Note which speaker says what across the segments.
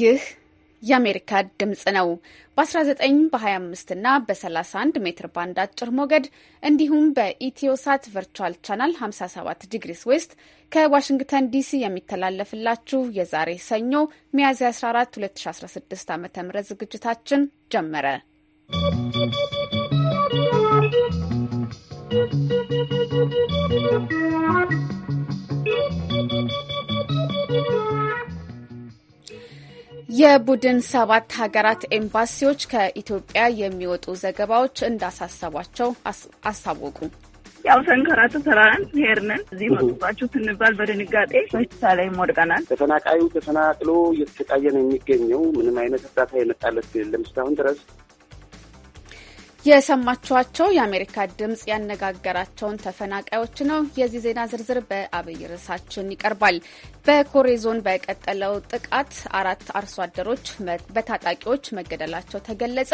Speaker 1: ይህ የአሜሪካ ድምፅ ነው። በ19 በ25 እና በ31 ሜትር ባንድ አጭር ሞገድ እንዲሁም በኢትዮሳት ቨርቹዋል ቻናል 57 ዲግሪስ ዌስት ከዋሽንግተን ዲሲ የሚተላለፍላችሁ የዛሬ ሰኞ ሚያዝያ 14 2016 ዓ ም ዝግጅታችን ጀመረ። ¶¶ የቡድን ሰባት ሀገራት ኤምባሲዎች ከኢትዮጵያ የሚወጡ ዘገባዎች እንዳሳሰቧቸው አሳወቁ።
Speaker 2: ያው ሰንከራቱ ተራራን ሄርነን እዚህ መጡባችሁ
Speaker 1: ትንባል በድንጋጤ በሽታ ላይ ሞድቀናል።
Speaker 3: ተፈናቃዩ ተፈናቅሎ እየተሰቃየ ነው የሚገኘው። ምንም አይነት እርዳታ የመጣለት የለም እስካሁን ድረስ
Speaker 1: የሰማችኋቸው የአሜሪካ ድምፅ ያነጋገራቸውን ተፈናቃዮች ነው። የዚህ ዜና ዝርዝር በአብይ ርዕሳችን ይቀርባል። በኮሬ ዞን በቀጠለው ጥቃት አራት አርሶ አደሮች በታጣቂዎች መገደላቸው ተገለጸ።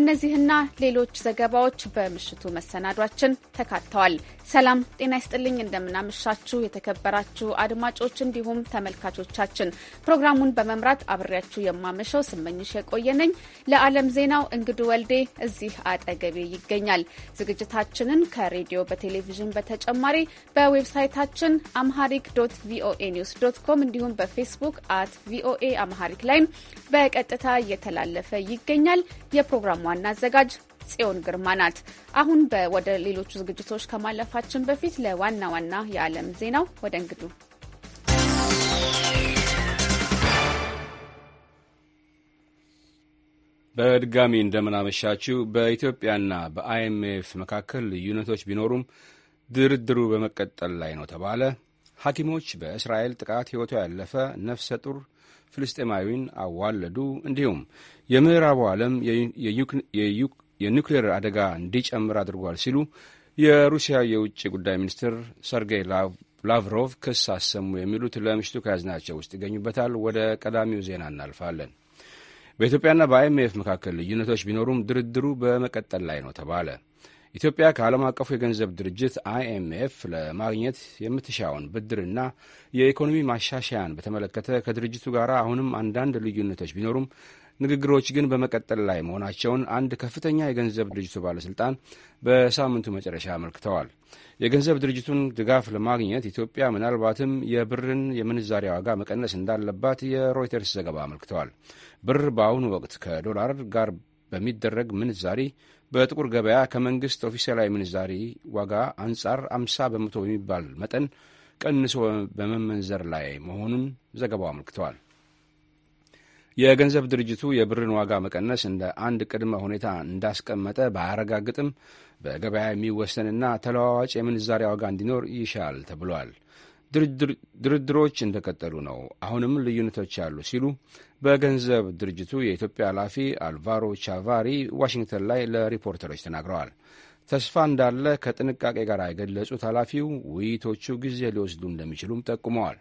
Speaker 1: እነዚህና ሌሎች ዘገባዎች በምሽቱ መሰናዷችን ተካተዋል። ሰላም ጤና ይስጥልኝ። እንደምናመሻችሁ የተከበራችሁ አድማጮች እንዲሁም ተመልካቾቻችን፣ ፕሮግራሙን በመምራት አብሬያችሁ የማመሸው ስመኝሽ የቆየነኝ። ለዓለም ዜናው እንግዱ ወልዴ እዚህ አጠ አጠገቤ ይገኛል። ዝግጅታችንን ከሬዲዮ በቴሌቪዥን በተጨማሪ በዌብሳይታችን አምሃሪክ ዶት ቪኦኤ ኒውስ ዶት ኮም እንዲሁም በፌስቡክ አት ቪኦኤ አምሃሪክ ላይም በቀጥታ እየተላለፈ ይገኛል። የፕሮግራም ዋና አዘጋጅ ጽዮን ግርማ ናት። አሁን ወደ ሌሎቹ ዝግጅቶች ከማለፋችን በፊት ለዋና ዋና የዓለም ዜናው ወደ እንግዱ
Speaker 4: በድጋሚ እንደምናመሻችው በኢትዮጵያና በአይኤምኤፍ መካከል ልዩነቶች ቢኖሩም ድርድሩ በመቀጠል ላይ ነው ተባለ። ሐኪሞች በእስራኤል ጥቃት ሕይወቷ ያለፈ ነፍሰ ጡር ፍልስጤማዊን አዋለዱ። እንዲሁም የምዕራቡ ዓለም የኒውክሌር አደጋ እንዲጨምር አድርጓል ሲሉ የሩሲያ የውጭ ጉዳይ ሚኒስትር ሰርጌይ ላቭሮቭ ክስ አሰሙ። የሚሉት ለምሽቱ ከያዝናቸው ውስጥ ይገኙበታል። ወደ ቀዳሚው ዜና እናልፋለን። በኢትዮጵያና በአይምኤፍ መካከል ልዩነቶች ቢኖሩም ድርድሩ በመቀጠል ላይ ነው ተባለ። ኢትዮጵያ ከዓለም አቀፉ የገንዘብ ድርጅት አይኤምኤፍ ለማግኘት የምትሻውን ብድርና የኢኮኖሚ ማሻሻያን በተመለከተ ከድርጅቱ ጋር አሁንም አንዳንድ ልዩነቶች ቢኖሩም ንግግሮች ግን በመቀጠል ላይ መሆናቸውን አንድ ከፍተኛ የገንዘብ ድርጅቱ ባለሥልጣን በሳምንቱ መጨረሻ አመልክተዋል። የገንዘብ ድርጅቱን ድጋፍ ለማግኘት ኢትዮጵያ ምናልባትም የብርን የምንዛሪ ዋጋ መቀነስ እንዳለባት የሮይተርስ ዘገባ አመልክተዋል። ብር በአሁኑ ወቅት ከዶላር ጋር በሚደረግ ምንዛሪ በጥቁር ገበያ ከመንግስት ኦፊሴላዊ ምንዛሪ ዋጋ አንጻር 50 በመቶ የሚባል መጠን ቀንሶ በመመንዘር ላይ መሆኑን ዘገባው አመልክተዋል። የገንዘብ ድርጅቱ የብርን ዋጋ መቀነስ እንደ አንድ ቅድመ ሁኔታ እንዳስቀመጠ ባያረጋግጥም በገበያ የሚወሰንና ተለዋዋጭ የምንዛሪ ዋጋ እንዲኖር ይሻል ተብሏል። ድርድሮች እንደቀጠሉ ነው። አሁንም ልዩነቶች አሉ ሲሉ በገንዘብ ድርጅቱ የኢትዮጵያ ኃላፊ አልቫሮ ቻቫሪ ዋሽንግተን ላይ ለሪፖርተሮች ተናግረዋል። ተስፋ እንዳለ ከጥንቃቄ ጋር የገለጹት ኃላፊው ውይይቶቹ ጊዜ ሊወስዱ እንደሚችሉም ጠቁመዋል።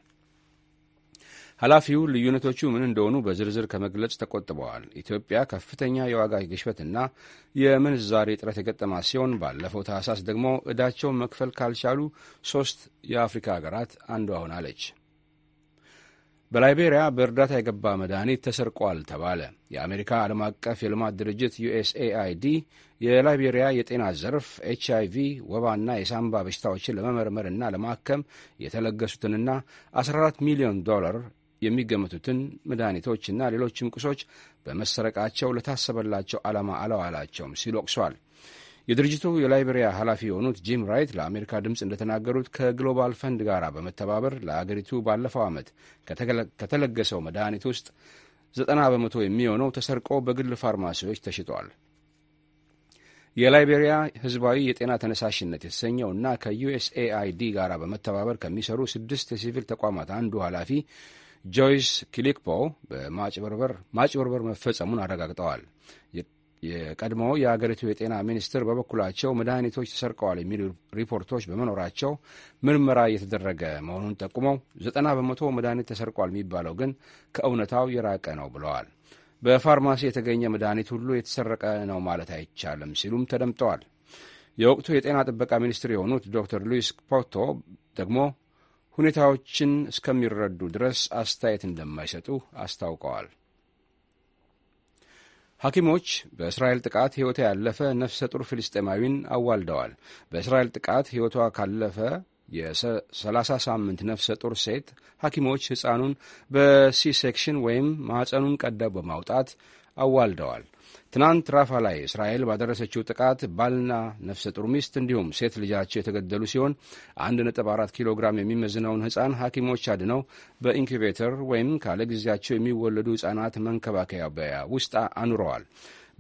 Speaker 4: ኃላፊው ልዩነቶቹ ምን እንደሆኑ በዝርዝር ከመግለጽ ተቆጥበዋል። ኢትዮጵያ ከፍተኛ የዋጋ ግሽበትና የምንዛሬ እጥረት የገጠማ ሲሆን ባለፈው ታህሳስ ደግሞ ዕዳቸውን መክፈል ካልቻሉ ሶስት የአፍሪካ ሀገራት አንዷ ሆናለች። በላይቤሪያ በእርዳታ የገባ መድኃኒት ተሰርቋል ተባለ። የአሜሪካ ዓለም አቀፍ የልማት ድርጅት ዩኤስኤአይዲ የላይቤሪያ የጤና ዘርፍ ኤች አይቪ ወባና የሳምባ በሽታዎችን ለመመርመርና ለማከም የተለገሱትንና 14 ሚሊዮን ዶላር የሚገመቱትን መድኃኒቶችና ሌሎችም ቁሶች በመሰረቃቸው ለታሰበላቸው ዓላማ አለዋላቸውም ሲል ወቅሷል። የድርጅቱ የላይቤሪያ ኃላፊ የሆኑት ጂም ራይት ለአሜሪካ ድምፅ እንደተናገሩት ከግሎባል ፈንድ ጋር በመተባበር ለአገሪቱ ባለፈው ዓመት ከተለገሰው መድኃኒት ውስጥ ዘጠና በመቶ የሚሆነው ተሰርቆ በግል ፋርማሲዎች ተሽጧል። የላይቤሪያ ሕዝባዊ የጤና ተነሳሽነት የተሰኘውና ከዩኤስኤአይዲ ጋር በመተባበር ከሚሰሩ ስድስት የሲቪል ተቋማት አንዱ ኃላፊ ጆይስ ኪሊክፖ በማጭበርበር መፈጸሙን አረጋግጠዋል። የቀድሞ የአገሪቱ የጤና ሚኒስትር በበኩላቸው መድኃኒቶች ተሰርቀዋል የሚሉ ሪፖርቶች በመኖራቸው ምርመራ እየተደረገ መሆኑን ጠቁመው ዘጠና በመቶ መድኃኒት ተሰርቋል የሚባለው ግን ከእውነታው የራቀ ነው ብለዋል። በፋርማሲ የተገኘ መድኃኒት ሁሉ የተሰረቀ ነው ማለት አይቻልም ሲሉም ተደምጠዋል። የወቅቱ የጤና ጥበቃ ሚኒስትር የሆኑት ዶክተር ሉዊስ ፖቶ ደግሞ ሁኔታዎችን እስከሚረዱ ድረስ አስተያየት እንደማይሰጡ አስታውቀዋል። ሐኪሞች በእስራኤል ጥቃት ሕይወቷ ያለፈ ነፍሰ ጡር ፊልስጤማዊን አዋልደዋል። በእስራኤል ጥቃት ሕይወቷ ካለፈ የ30 ሳምንት ነፍሰ ጡር ሴት ሐኪሞች ሕፃኑን በሲ ሴክሽን ወይም ማኅፀኑን ቀደው በማውጣት አዋልደዋል። ትናንት ራፋ ላይ እስራኤል ባደረሰችው ጥቃት ባልና ነፍሰ ጡር ሚስት እንዲሁም ሴት ልጃቸው የተገደሉ ሲሆን 1.4 ኪሎ ግራም የሚመዝነውን ሕፃን ሐኪሞች አድነው በኢንኩቤተር ወይም ካለ ጊዜያቸው የሚወለዱ ሕፃናት በያ ውስጥ አኑረዋል።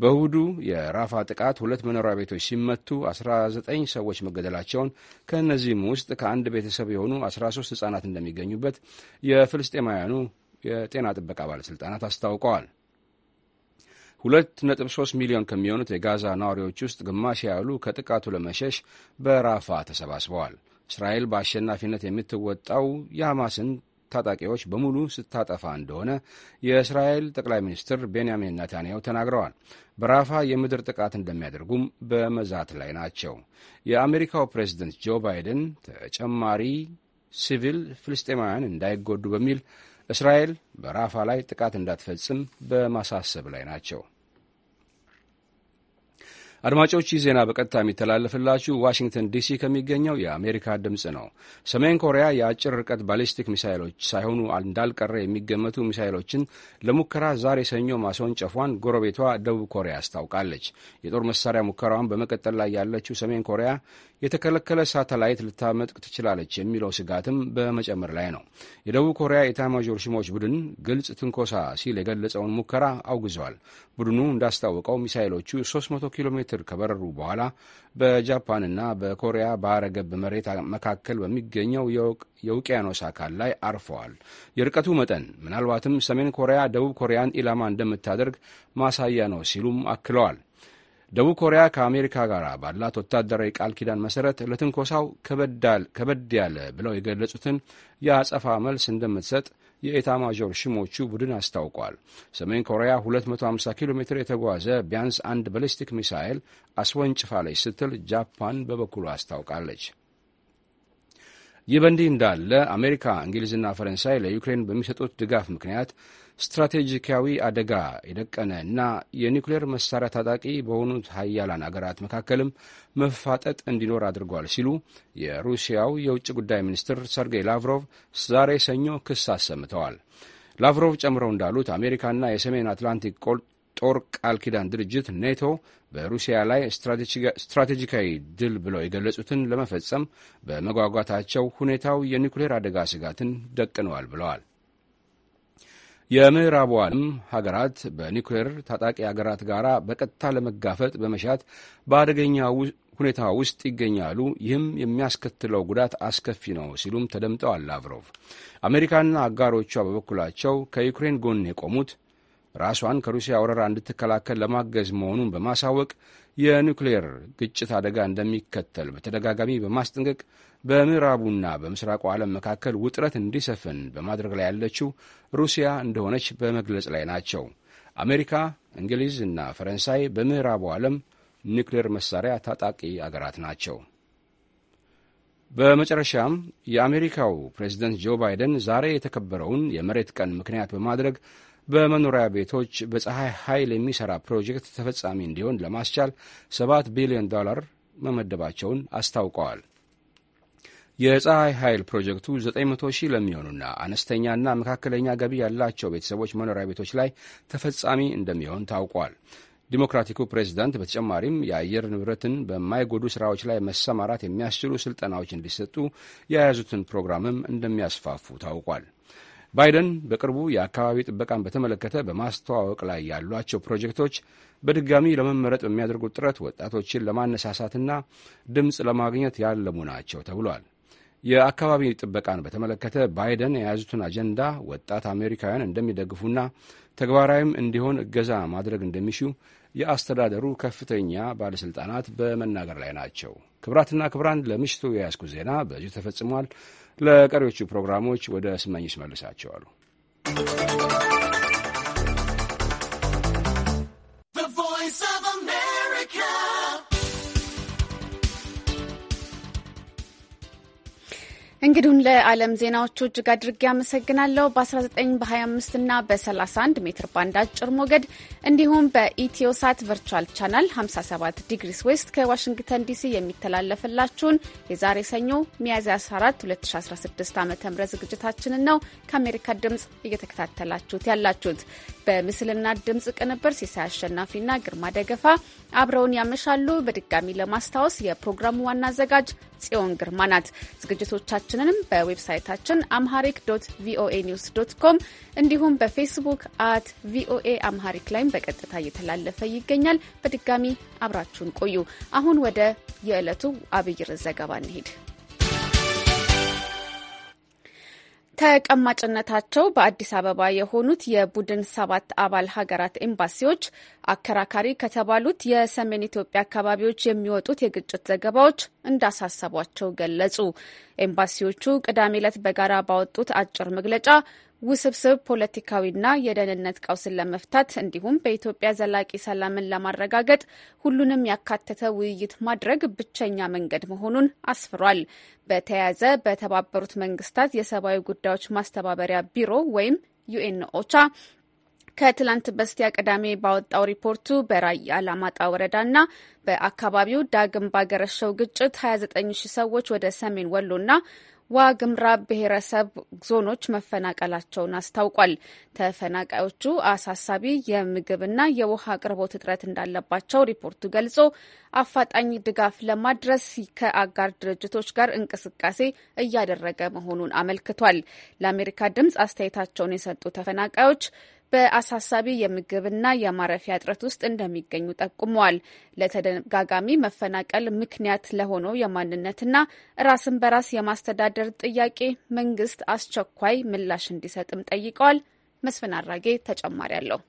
Speaker 4: በእሁዱ የራፋ ጥቃት ሁለት መኖሪያ ቤቶች ሲመቱ 19 ሰዎች መገደላቸውን ከእነዚህም ውስጥ ከአንድ ቤተሰብ የሆኑ 13 ሕፃናት እንደሚገኙበት የፍልስጤማውያኑ የጤና ጥበቃ ባለሥልጣናት አስታውቀዋል። 2.3 ሚሊዮን ከሚሆኑት የጋዛ ነዋሪዎች ውስጥ ግማሽ ያህሉ ከጥቃቱ ለመሸሽ በራፋ ተሰባስበዋል። እስራኤል በአሸናፊነት የምትወጣው የሐማስን ታጣቂዎች በሙሉ ስታጠፋ እንደሆነ የእስራኤል ጠቅላይ ሚኒስትር ቤንያሚን ነታንያው ተናግረዋል። በራፋ የምድር ጥቃት እንደሚያደርጉም በመዛት ላይ ናቸው። የአሜሪካው ፕሬዝደንት ጆ ባይደን ተጨማሪ ሲቪል ፍልስጤማውያን እንዳይጎዱ በሚል እስራኤል በራፋ ላይ ጥቃት እንዳትፈጽም በማሳሰብ ላይ ናቸው። አድማጮች ይህ ዜና በቀጥታ የሚተላለፍላችሁ ዋሽንግተን ዲሲ ከሚገኘው የአሜሪካ ድምፅ ነው። ሰሜን ኮሪያ የአጭር ርቀት ባሊስቲክ ሚሳይሎች ሳይሆኑ እንዳልቀረ የሚገመቱ ሚሳይሎችን ለሙከራ ዛሬ ሰኞ ማስወንጨፏን ጎረቤቷ ደቡብ ኮሪያ አስታውቃለች። የጦር መሳሪያ ሙከራዋን በመቀጠል ላይ ያለችው ሰሜን ኮሪያ የተከለከለ ሳተላይት ልታመጥቅ ትችላለች የሚለው ስጋትም በመጨመር ላይ ነው። የደቡብ ኮሪያ ኢታማዦር ሽሞች ቡድን ግልጽ ትንኮሳ ሲል የገለጸውን ሙከራ አውግዘዋል። ቡድኑ እንዳስታወቀው ሚሳይሎቹ 300 ኪሎ ሜትር ከበረሩ በኋላ በጃፓንና በኮሪያ ባህረ ገብ መሬት መካከል በሚገኘው የውቅያኖስ አካል ላይ አርፈዋል። የርቀቱ መጠን ምናልባትም ሰሜን ኮሪያ ደቡብ ኮሪያን ኢላማ እንደምታደርግ ማሳያ ነው ሲሉም አክለዋል። ደቡብ ኮሪያ ከአሜሪካ ጋር ባላት ወታደራዊ ቃል ኪዳን መሠረት ለትንኮሳው ከበድ ያለ ብለው የገለጹትን የአጸፋ መልስ እንደምትሰጥ የኤታ ማዦር ሽሞቹ ቡድን አስታውቋል። ሰሜን ኮሪያ 250 ኪሎ ሜትር የተጓዘ ቢያንስ አንድ ባሊስቲክ ሚሳኤል አስወንጭፋለች ስትል ጃፓን በበኩሉ አስታውቃለች። ይህ በእንዲህ እንዳለ አሜሪካ፣ እንግሊዝና ፈረንሳይ ለዩክሬን በሚሰጡት ድጋፍ ምክንያት ስትራቴጂካዊ አደጋ የደቀነ እና የኒውክሌር መሳሪያ ታጣቂ በሆኑት ሀያላን አገራት መካከልም መፋጠጥ እንዲኖር አድርጓል ሲሉ የሩሲያው የውጭ ጉዳይ ሚኒስትር ሰርጌይ ላቭሮቭ ዛሬ ሰኞ ክስ አሰምተዋል። ላቭሮቭ ጨምረው እንዳሉት አሜሪካና የሰሜን አትላንቲክ ጦር ቃል ኪዳን ድርጅት ኔቶ በሩሲያ ላይ ስትራቴጂካዊ ድል ብለው የገለጹትን ለመፈጸም በመጓጓታቸው ሁኔታው የኒውክሌር አደጋ ስጋትን ደቅነዋል ብለዋል። የምዕራቡ ዓለም ሀገራት በኒውክሌር ታጣቂ ሀገራት ጋር በቀጥታ ለመጋፈጥ በመሻት በአደገኛ ሁኔታ ውስጥ ይገኛሉ። ይህም የሚያስከትለው ጉዳት አስከፊ ነው ሲሉም ተደምጠዋል ላቭሮቭ። አሜሪካና አጋሮቿ በበኩላቸው ከዩክሬን ጎን የቆሙት ራሷን ከሩሲያ ወረራ እንድትከላከል ለማገዝ መሆኑን በማሳወቅ የኒውክሌር ግጭት አደጋ እንደሚከተል በተደጋጋሚ በማስጠንቀቅ በምዕራቡና በምስራቁ ዓለም መካከል ውጥረት እንዲሰፍን በማድረግ ላይ ያለችው ሩሲያ እንደሆነች በመግለጽ ላይ ናቸው። አሜሪካ፣ እንግሊዝ እና ፈረንሳይ በምዕራቡ ዓለም ኒውክሌር መሳሪያ ታጣቂ አገራት ናቸው። በመጨረሻም የአሜሪካው ፕሬዝደንት ጆ ባይደን ዛሬ የተከበረውን የመሬት ቀን ምክንያት በማድረግ በመኖሪያ ቤቶች በፀሐይ ኃይል የሚሠራ ፕሮጀክት ተፈጻሚ እንዲሆን ለማስቻል 7 ቢሊዮን ዶላር መመደባቸውን አስታውቀዋል። የፀሐይ ኃይል ፕሮጀክቱ 900 ሺህ ለሚሆኑና አነስተኛና መካከለኛ ገቢ ያላቸው ቤተሰቦች መኖሪያ ቤቶች ላይ ተፈጻሚ እንደሚሆን ታውቋል። ዲሞክራቲኩ ፕሬዝዳንት በተጨማሪም የአየር ንብረትን በማይጎዱ ስራዎች ላይ መሰማራት የሚያስችሉ ስልጠናዎች እንዲሰጡ የያዙትን ፕሮግራምም እንደሚያስፋፉ ታውቋል። ባይደን በቅርቡ የአካባቢ ጥበቃን በተመለከተ በማስተዋወቅ ላይ ያሏቸው ፕሮጀክቶች በድጋሚ ለመመረጥ በሚያደርጉት ጥረት ወጣቶችን ለማነሳሳትና ድምፅ ለማግኘት ያለሙ ናቸው ተብሏል። የአካባቢ ጥበቃን በተመለከተ ባይደን የያዙትን አጀንዳ ወጣት አሜሪካውያን እንደሚደግፉና ተግባራዊም እንዲሆን እገዛ ማድረግ እንደሚሹ የአስተዳደሩ ከፍተኛ ባለሥልጣናት በመናገር ላይ ናቸው። ክብራትና ክብራን ለምሽቱ የያዝኩ ዜና በዚሁ ተፈጽሟል። ለቀሪዎቹ ፕሮግራሞች ወደ ስመኝሽ መልሳቸዋሉ።
Speaker 1: እንግዲሁን ለዓለም ዜናዎቹ እጅግ አድርጌ አመሰግናለሁ። በ19 በ25 እና በ31 ሜትር ባንድ አጭር ሞገድ እንዲሁም በኢትዮሳት ቨርቹዋል ቻናል 57 ዲግሪስ ዌስት ከዋሽንግተን ዲሲ የሚተላለፍላችሁን የዛሬ ሰኞ ሚያዝያ 14 2016 ዓ ም ዝግጅታችንን ነው ከአሜሪካ ድምፅ እየተከታተላችሁት ያላችሁት። በምስልና ድምፅ ቅንብር ሲሳይ አሸናፊና ግርማ ደገፋ አብረውን ያመሻሉ። በድጋሚ ለማስታወስ የፕሮግራሙ ዋና አዘጋጅ ጽዮን ግርማ ናት። ዝግጅቶቻችንንም በዌብሳይታችን አምሃሪክ ዶት ቪኦኤ ኒውስ ዶት ኮም እንዲሁም በፌስቡክ አት ቪኦኤ አምሃሪክ ላይም በቀጥታ እየተላለፈ ይገኛል። በድጋሚ አብራችሁን ቆዩ። አሁን ወደ የዕለቱ አብይር ዘገባ እንሄድ። ተቀማጭነታቸው በአዲስ አበባ የሆኑት የቡድን ሰባት አባል ሀገራት ኤምባሲዎች አከራካሪ ከተባሉት የሰሜን ኢትዮጵያ አካባቢዎች የሚወጡት የግጭት ዘገባዎች እንዳሳሰቧቸው ገለጹ። ኤምባሲዎቹ ቅዳሜ ዕለት በጋራ ባወጡት አጭር መግለጫ ውስብስብ ፖለቲካዊና የደህንነት ቀውስን ለመፍታት እንዲሁም በኢትዮጵያ ዘላቂ ሰላምን ለማረጋገጥ ሁሉንም ያካተተ ውይይት ማድረግ ብቸኛ መንገድ መሆኑን አስፍሯል። በተያያዘ በተባበሩት መንግስታት የሰብአዊ ጉዳዮች ማስተባበሪያ ቢሮ ወይም ዩኤን ኦቻ ከትላንት በስቲያ ቅዳሜ ባወጣው ሪፖርቱ በራያ አላማጣ ወረዳና በአካባቢው ዳግም ባገረሸው ግጭት 29 ሰዎች ወደ ሰሜን ወሎና ዋግምራ ብሔረሰብ ዞኖች መፈናቀላቸውን አስታውቋል። ተፈናቃዮቹ አሳሳቢ የምግብና የውሃ አቅርቦት እጥረት እንዳለባቸው ሪፖርቱ ገልጾ አፋጣኝ ድጋፍ ለማድረስ ከአጋር ድርጅቶች ጋር እንቅስቃሴ እያደረገ መሆኑን አመልክቷል። ለአሜሪካ ድምጽ አስተያየታቸውን የሰጡ ተፈናቃዮች በአሳሳቢ የምግብና የማረፊያ እጥረት ውስጥ እንደሚገኙ ጠቁመዋል። ለተደጋጋሚ መፈናቀል ምክንያት ለሆነው የማንነትና ራስን በራስ የማስተዳደር ጥያቄ መንግስት አስቸኳይ ምላሽ እንዲሰጥም ጠይቀዋል። መስፍን አራጌ ተጨማሪ አለው።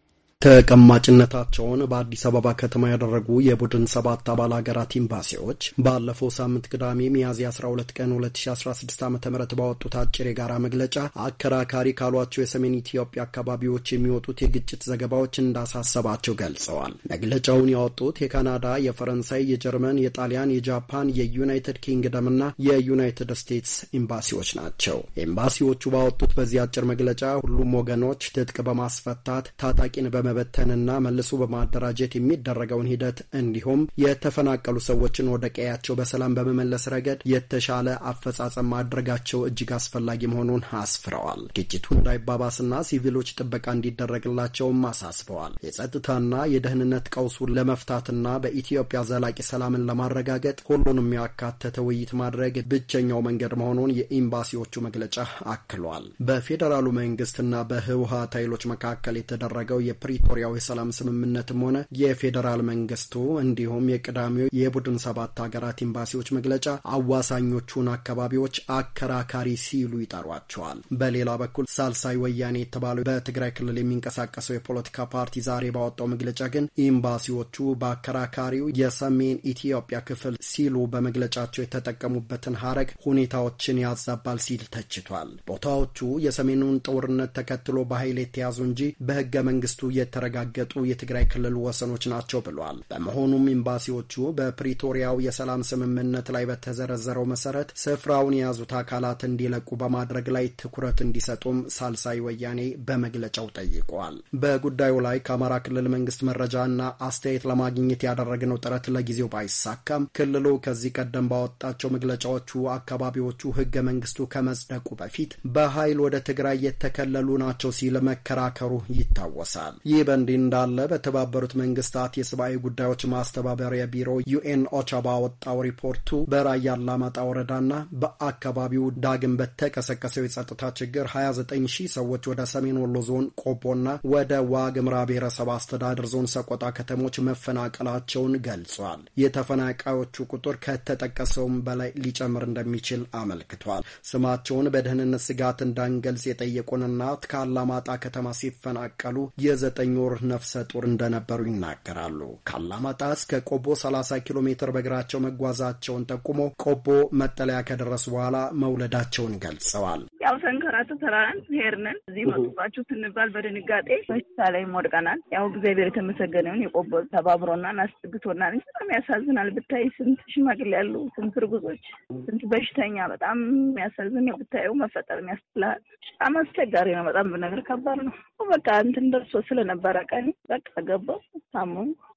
Speaker 5: ተቀማጭነታቸውን በአዲስ አበባ ከተማ ያደረጉ የቡድን ሰባት አባል ሀገራት ኤምባሲዎች ባለፈው ሳምንት ቅዳሜ ሚያዝያ 12 ቀን 2016 ዓ ም ባወጡት አጭር የጋራ መግለጫ አከራካሪ ካሏቸው የሰሜን ኢትዮጵያ አካባቢዎች የሚወጡት የግጭት ዘገባዎች እንዳሳሰባቸው ገልጸዋል። መግለጫውን ያወጡት የካናዳ፣ የፈረንሳይ፣ የጀርመን፣ የጣሊያን፣ የጃፓን፣ የዩናይትድ ኪንግደም እና የዩናይትድ ስቴትስ ኤምባሲዎች ናቸው። ኤምባሲዎቹ ባወጡት በዚህ አጭር መግለጫ ሁሉም ወገኖች ትጥቅ በማስፈታት ታጣቂን በመ በመበተንና መልሶ በማደራጀት የሚደረገውን ሂደት እንዲሁም የተፈናቀሉ ሰዎችን ወደ ቀያቸው በሰላም በመመለስ ረገድ የተሻለ አፈጻጸም ማድረጋቸው እጅግ አስፈላጊ መሆኑን አስፍረዋል። ግጭቱ እንዳይባባስና ሲቪሎች ጥበቃ እንዲደረግላቸውም አሳስበዋል። የጸጥታና የደህንነት ቀውሱን ለመፍታትና በኢትዮጵያ ዘላቂ ሰላምን ለማረጋገጥ ሁሉንም ያካተተ ውይይት ማድረግ ብቸኛው መንገድ መሆኑን የኤምባሲዎቹ መግለጫ አክሏል። በፌዴራሉ መንግስትና በህወሀት ኃይሎች መካከል የተደረገው የፕሪ የፕሪቶሪያው የሰላም ስምምነትም ሆነ የፌዴራል መንግስቱ እንዲሁም የቅዳሜው የቡድን ሰባት ሀገራት ኤምባሲዎች መግለጫ አዋሳኞቹን አካባቢዎች አከራካሪ ሲሉ ይጠሯቸዋል። በሌላ በኩል ሳልሳይ ወያኔ የተባለው በትግራይ ክልል የሚንቀሳቀሰው የፖለቲካ ፓርቲ ዛሬ ባወጣው መግለጫ ግን ኤምባሲዎቹ በአከራካሪው የሰሜን ኢትዮጵያ ክፍል ሲሉ በመግለጫቸው የተጠቀሙበትን ሀረግ ሁኔታዎችን ያዛባል ሲል ተችቷል። ቦታዎቹ የሰሜኑን ጦርነት ተከትሎ በኃይል የተያዙ እንጂ በህገ መንግስቱ የተ የተረጋገጡ የትግራይ ክልል ወሰኖች ናቸው ብሏል። በመሆኑም ኤምባሲዎቹ በፕሪቶሪያው የሰላም ስምምነት ላይ በተዘረዘረው መሰረት ስፍራውን የያዙት አካላት እንዲለቁ በማድረግ ላይ ትኩረት እንዲሰጡም ሳልሳይ ወያኔ በመግለጫው ጠይቋል። በጉዳዩ ላይ ከአማራ ክልል መንግስት መረጃና አስተያየት ለማግኘት ያደረግነው ጥረት ለጊዜው ባይሳካም ክልሉ ከዚህ ቀደም ባወጣቸው መግለጫዎቹ አካባቢዎቹ ህገ መንግስቱ ከመጽደቁ በፊት በኃይል ወደ ትግራይ የተከለሉ ናቸው ሲል መከራከሩ ይታወሳል። ይህ በእንዲህ እንዳለ በተባበሩት መንግስታት የሰብአዊ ጉዳዮች ማስተባበሪያ ቢሮ ዩኤን ኦቻ ባወጣው ሪፖርቱ በራያ አላማጣ ወረዳና በአካባቢው ዳግም በተቀሰቀሰው የጸጥታ ችግር 29 ሺህ ሰዎች ወደ ሰሜን ወሎ ዞን ቆቦና ወደ ዋግምራ ብሔረሰብ አስተዳደር ዞን ሰቆጣ ከተሞች መፈናቀላቸውን ገልጿል። የተፈናቃዮቹ ቁጥር ከተጠቀሰውም በላይ ሊጨምር እንደሚችል አመልክቷል። ስማቸውን በደህንነት ስጋት እንዳንገልጽ የጠየቁን እናት ከአላማጣ ከተማ ሲፈናቀሉ የዘጠ ዘጠኝ ወር ነፍሰ ጡር እንደነበሩ ይናገራሉ። ካላማጣ እስከ ቆቦ 30 ኪሎ ሜትር በእግራቸው መጓዛቸውን ጠቁሞ ቆቦ መጠለያ ከደረሱ በኋላ መውለዳቸውን ገልጸዋል።
Speaker 2: ያው ሰንከራተ ተራራን ሄርነን እዚህ መጡባችሁ ስንባል በድንጋጤ በሽታ ላይ ወድቀናል። ያው እግዚአብሔር የተመሰገነውን የቆቦ ተባብሮናን አስጥግቶናል በጣም ያሳዝናል። ብታይ ስንት ሽማግሌ ያሉ ስንት እርጉዞች፣ ስንት በሽተኛ በጣም የሚያሳዝን ብታየው መፈጠር የሚያስችላል። በጣም አስቸጋሪ ነው። በጣም ብነገር ከባድ ነው። በቃ እንትን ደርሶ ስለነበረ ቀን በቃ ገባው ታሙ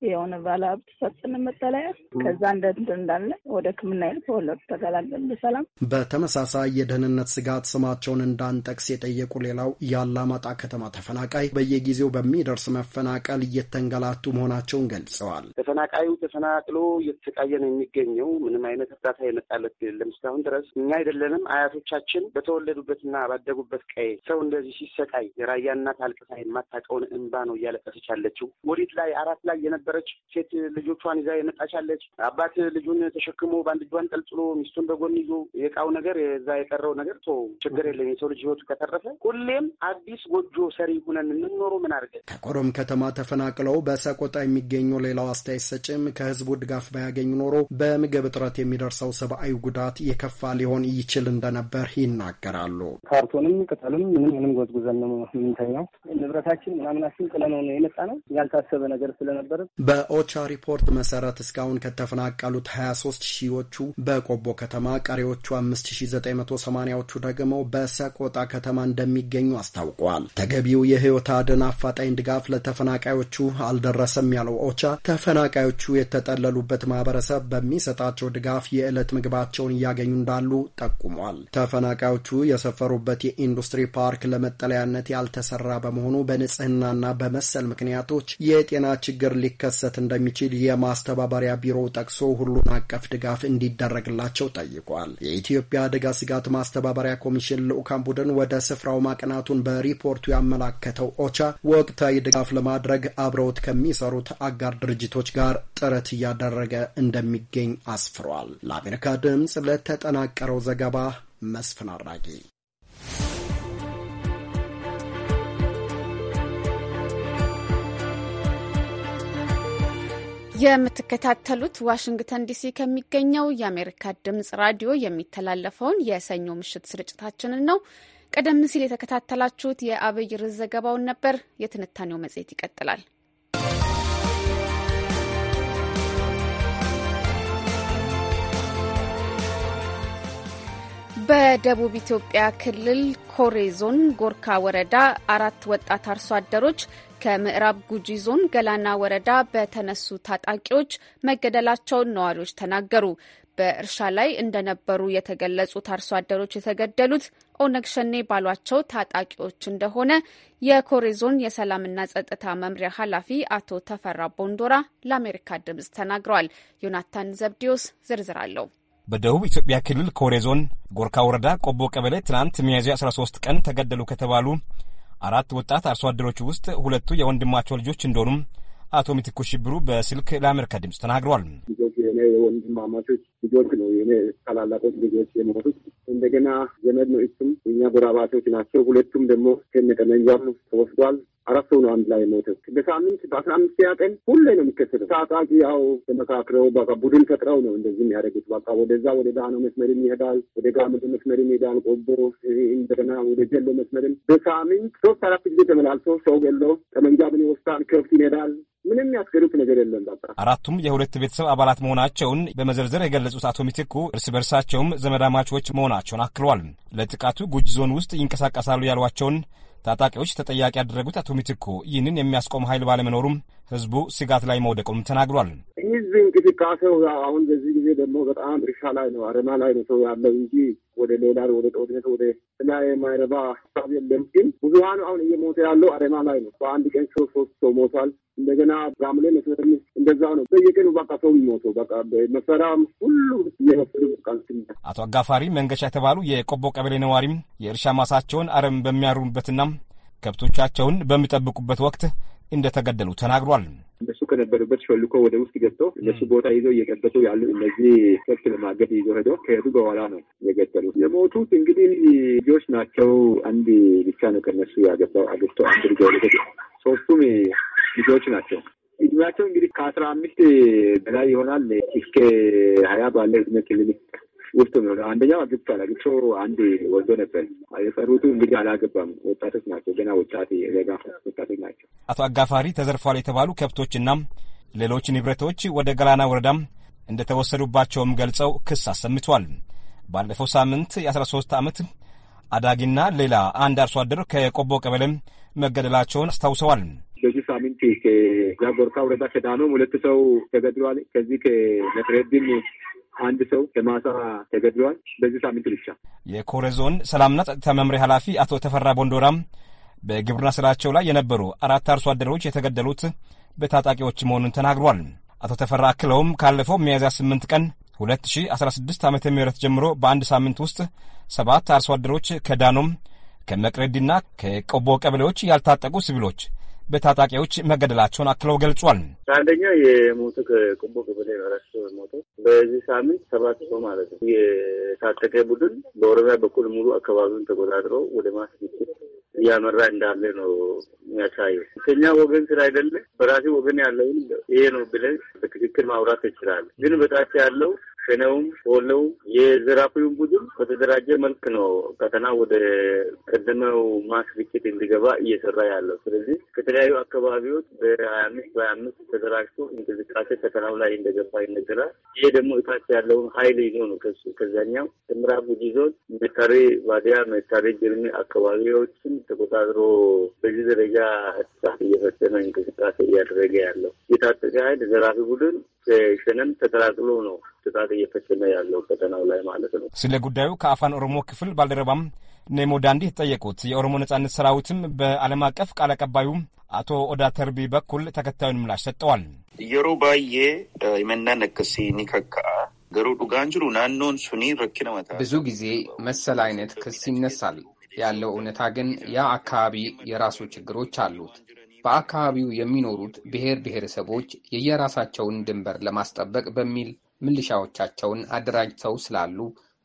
Speaker 2: የሆነ ባለ ሰጥን መጠለያ ከዛ እንደንት እንዳለ ወደ ሕክምና ይል ተወለዱ ተገላገል በሰላም።
Speaker 5: በተመሳሳይ የደህንነት ስጋት ስማ ስማቸውን እንዳንጠቅስ የጠየቁ ሌላው የአላማጣ ከተማ ተፈናቃይ በየጊዜው በሚደርስ መፈናቀል እየተንገላቱ መሆናቸውን ገልጸዋል።
Speaker 3: ተፈናቃዩ ተፈናቅሎ እየተሰቃየ ነው የሚገኘው። ምንም አይነት እርዳታ የመጣለት የለም እስካሁን ድረስ። እኛ አይደለንም አያቶቻችን በተወለዱበትና ባደጉበት ቀይ ሰው እንደዚህ ሲሰቃይ የራያ እናት አልቅሳ የማታውቀውን እንባ ነው እያለቀሰች ያለችው። ወዲት ላይ አራት ላይ የነበረች ሴት ልጆቿን ይዛ የመጣች አባት ልጁን ተሸክሞ በአንድ እጇን ጠልጥሎ ሚስቱን በጎን ይዞ የቃው ነገር የዛ የቀረው ነገር ቶ ችግር አይደለም የሰው ልጅ ህይወቱ ከተረፈ ሁሌም አዲስ ጎጆ ሰሪ ሁነን እንኖሩ ምን አድርገን
Speaker 5: ከቆሎም ከተማ ተፈናቅለው በሰቆጣ የሚገኘው ሌላው አስተያየት ሰጭም ከህዝቡ ድጋፍ ባያገኝ ኖሮ በምግብ እጥረት የሚደርሰው ሰብአዊ ጉዳት የከፋ ሊሆን ይችል እንደነበር ይናገራሉ።
Speaker 3: ካርቶንም ቅጠልም ምንም ምንም ጎዝጉዘን ነው የምንተኛው። ንብረታችን ምናምናችን ጥለነው ነው የመጣ ነው ያልታሰበ ነገር ስለነበረ።
Speaker 5: በኦቻ ሪፖርት መሰረት እስካሁን ከተፈናቀሉት 23 ሺዎቹ በቆቦ ከተማ፣ ቀሪዎቹ 5980ዎቹ ደግሞ በሰቆጣ ከተማ እንደሚገኙ አስታውቋል። ተገቢው የህይወት አድን አፋጣኝ ድጋፍ ለተፈናቃዮቹ አልደረሰም ያለው ኦቻ ተፈናቃዮቹ የተጠለሉበት ማህበረሰብ በሚሰጣቸው ድጋፍ የዕለት ምግባቸውን እያገኙ እንዳሉ ጠቁሟል። ተፈናቃዮቹ የሰፈሩበት የኢንዱስትሪ ፓርክ ለመጠለያነት ያልተሰራ በመሆኑ በንጽህናና በመሰል ምክንያቶች የጤና ችግር ሊከሰት እንደሚችል የማስተባበሪያ ቢሮ ጠቅሶ ሁሉን አቀፍ ድጋፍ እንዲደረግላቸው ጠይቋል። የኢትዮጵያ አደጋ ስጋት ማስተባበሪያ ኮሚሽን የሚችል ልዑካን ቡድን ወደ ስፍራው ማቅናቱን በሪፖርቱ ያመላከተው ኦቻ ወቅታዊ ድጋፍ ለማድረግ አብረውት ከሚሰሩት አጋር ድርጅቶች ጋር ጥረት እያደረገ እንደሚገኝ አስፍሯል። ለአሜሪካ ድምፅ ለተጠናቀረው ዘገባ መስፍን አድራጊ።
Speaker 1: የምትከታተሉት ዋሽንግተን ዲሲ ከሚገኘው የአሜሪካ ድምጽ ራዲዮ የሚተላለፈውን የሰኞ ምሽት ስርጭታችንን ነው። ቀደም ሲል የተከታተላችሁት የአብይ ርዕስ ዘገባውን ነበር። የትንታኔው መጽሔት ይቀጥላል። በደቡብ ኢትዮጵያ ክልል ኮሬ ዞን ጎርካ ወረዳ አራት ወጣት አርሶ አደሮች ከምዕራብ ጉጂ ዞን ገላና ወረዳ በተነሱ ታጣቂዎች መገደላቸውን ነዋሪዎች ተናገሩ። በእርሻ ላይ እንደነበሩ የተገለጹት አርሶ አደሮች የተገደሉት ኦነግ ሸኔ ባሏቸው ታጣቂዎች እንደሆነ የኮሬ ዞን የሰላምና ጸጥታ መምሪያ ኃላፊ አቶ ተፈራ ቦንዶራ ለአሜሪካ ድምፅ ተናግረዋል። ዮናታን ዘብዲዮስ ዝርዝር አለው።
Speaker 6: በደቡብ ኢትዮጵያ ክልል ኮሬ ዞን ጎርካ ወረዳ ቆቦ ቀበሌ ትናንት ሚያዝያ 13 ቀን ተገደሉ ከተባሉ አራት ወጣት አርሶ አደሮች ውስጥ ሁለቱ የወንድማቸው ልጆች እንደሆኑም አቶ ሚትኩ ሽብሩ በስልክ ለአሜሪካ ድምፅ ተናግረዋል።
Speaker 3: ልጆች የኔ የወንድማማቾች ልጆች ነው። የኔ ታላላቆች ልጆች የሞቱት እንደገና ዘመድ ነው። እሱም የኛ ጎራባቶች ናቸው። ሁለቱም ደግሞ ከነጠመንጃም ተወስዷል። አራት ሰው ነው አንድ ላይ ሞተ። በሳምንት በአስራ አምስት ያቀን ቀን ሁሌ ነው የሚከሰተው። ታጣቂ ያው ተመካክረው በቃ ቡድን ፈጥረው ነው እንደዚህ የሚያደርጉት። በቃ ወደዛ ወደ ዳኖ መስመርም ይሄዳል፣ ወደ ጋምዶ መስመርም ይሄዳል፣ ቆቦ እንደገና ወደ ጀሎ መስመርም በሳምንት ሶስት አራት ጊዜ ተመላልሶ ሰው ገሎ ጠመንጃ ምን ይወስዳል፣ ከብት ይሄዳል። ምንም ያስገዱት ነገር የለም። በቃ
Speaker 6: አራቱም የሁለት ቤተሰብ አባላት መሆናቸውን በመዘርዘር የገለጹት አቶ ሚትኩ እርስ በርሳቸውም ዘመዳማቾች መሆናቸውን አክለዋል። ለጥቃቱ ጉጅ ዞን ውስጥ ይንቀሳቀሳሉ ያሏቸውን ታጣቂዎች ተጠያቂ ያደረጉት አቶ ሚትኮ ይህንን የሚያስቆም ኃይል ባለመኖሩም ህዝቡ ስጋት ላይ መውደቁም ተናግሯል።
Speaker 3: ህዝብ እንቅስቃሴው አሁን በዚህ ጊዜ ደግሞ በጣም እርሻ ላይ ነው፣ አረማ ላይ ነው ሰው ያለው እንጂ ወደ ሌላ ወደ ጦርነት ወደ ተለያየ የማይረባ ሀሳብ የለም። ግን ብዙሀኑ አሁን እየሞተ ያለው አረማ ላይ ነው። በአንድ ቀን ሰው ሶስት ሰው ሞቷል። እንደገና ጋምሌ መስበትም እንደዛ ነው። በየቀኑ በቃ ሰው ይሞተው በቃ መሰራም ሁሉ እየመሰሉ በቃ
Speaker 6: አቶ አጋፋሪ መንገሻ የተባሉ የቆቦ ቀበሌ ነዋሪም የእርሻ ማሳቸውን አረም በሚያሩበትና ከብቶቻቸውን በሚጠብቁበት ወቅት እንደተገደሉ ተናግሯል። እነሱ ከነበሩበት ሾልኮ ወደ ውስጥ ገብቶ እነሱ ቦታ ይዘው እየቀበጡ ያሉ እነዚህ
Speaker 3: ከብት ለማገድ ይዞ ሄዶ ከሄዱ በኋላ ነው የገደሉት። የሞቱት እንግዲህ ልጆች ናቸው። አንድ ብቻ ነው ከነሱ ያገባው አግብቶ አንድ ልጅ ወለደች። ሶስቱም ልጆች ናቸው። እድሜያቸው እንግዲህ ከአስራ አምስት በላይ ይሆናል እስከ ሀያ
Speaker 6: ባለ እድሜ ክልል ውስጥ ነው። አንደኛው አግብታ ግብቶ አንድ ወልዶ ነበር። የቀሩቱ እንግዲህ አላገባም። ወጣቶች ናቸው፣ ገና ወጣት ዜጋ ወጣቶች ናቸው። አቶ አጋፋሪ ተዘርፏል የተባሉ ከብቶችና ሌሎች ንብረቶች ወደ ገላና ወረዳም እንደተወሰዱባቸውም ገልጸው ክስ አሰምቷል። ባለፈው ሳምንት የ13 ዓመት አዳጊና ሌላ አንድ አርሶ አደር ከቆቦ ቀበሌም መገደላቸውን አስታውሰዋል። በዚህ ሳምንት ከዛጎርካ ወረዳ ከዳኖም ሁለት ሰው ተገድሏል። ከዚህ ከነፍሬድን
Speaker 3: አንድ ሰው በማሳ ተገድሏል በዚህ ሳምንት ብቻ
Speaker 6: የኮረ ዞን ሰላምና ጸጥታ መምሪያ ኃላፊ አቶ ተፈራ ቦንዶራም በግብርና ስራቸው ላይ የነበሩ አራት አርሶ አደሮች የተገደሉት በታጣቂዎች መሆኑን ተናግሯል። አቶ ተፈራ አክለውም ካለፈው ሚያዝያ 8 ቀን 2016 ዓ ም ጀምሮ በአንድ ሳምንት ውስጥ ሰባት አርሶ አደሮች ከዳኖም ከመቅረዲና ከቆቦ ቀበሌዎች ያልታጠቁ ሲቪሎች በታጣቂዎች መገደላቸውን አክለው ገልጿል።
Speaker 7: አንደኛ የሞቱ ከቁምቦ ቀበሌ አራት ሞቱ በዚህ ሳምንት ሰባት ሰው ማለት ነው። የታጠቀ ቡድን በኦሮሚያ በኩል ሙሉ አካባቢውን ተቆጣጥሮ ወደ ማስገጭት
Speaker 8: እያመራ እንዳለ
Speaker 7: ነው የሚያሳየው። ከኛ ወገን ስለ አይደለ በራሴ ወገን ያለውን ይሄ ነው ብለን በትክክል ማውራት ይችላል። ግን በታች ያለው ሸኔውም ወሎውም የዘራፊውን ቡድን በተደራጀ መልክ ነው ቀጠና ወደ ቀደመው ማስ ግጭት እንዲገባ እየሰራ ያለው። ስለዚህ ከተለያዩ አካባቢዎች በሀያ አምስት በሀያ አምስት ተደራጅቶ እንቅስቃሴ ቀጠናው ላይ እንደገባ ይነገራል። ይሄ ደግሞ እታች ያለውን ሀይል ይዞ ነው ከሱ ከዛኛው ከምዕራብ ጉጂ ዞን ሜታሬ ባዲያ፣ መታሬ ጅርሜ አካባቢዎችን ተቆጣጥሮ በዚህ ደረጃ እሳት እየፈጸመ እንቅስቃሴ እያደረገ ያለው የታጠቀ ሀይል ዘራፊ ቡድን ሸንም ተቀላቅሎ ነው ጥቃት እየፈጸመ ያለው ፈተናው ላይ ማለት ነው።
Speaker 6: ስለ ጉዳዩ ከአፋን ኦሮሞ ክፍል ባልደረባም ኔሞ ዳንዲ ተጠየቁት። የኦሮሞ ነጻነት ሰራዊትም በዓለም አቀፍ ቃል አቀባዩ አቶ ኦዳ ተርቢ በኩል
Speaker 9: ተከታዩን ምላሽ ሰጠዋል።
Speaker 10: የሮ ባዬ የመናነቅሲ ኒከካ ገሩ ዱጋንጅሩ ናኖን ሱኒ ረኪነመታ
Speaker 9: ብዙ ጊዜ መሰል አይነት ክስ ይነሳል። ያለው እውነታ ግን ያ አካባቢ የራሱ ችግሮች አሉት። በአካባቢው የሚኖሩት ብሔር ብሔረሰቦች የየራሳቸውን ድንበር ለማስጠበቅ በሚል ምልሻዎቻቸውን አደራጅተው ስላሉ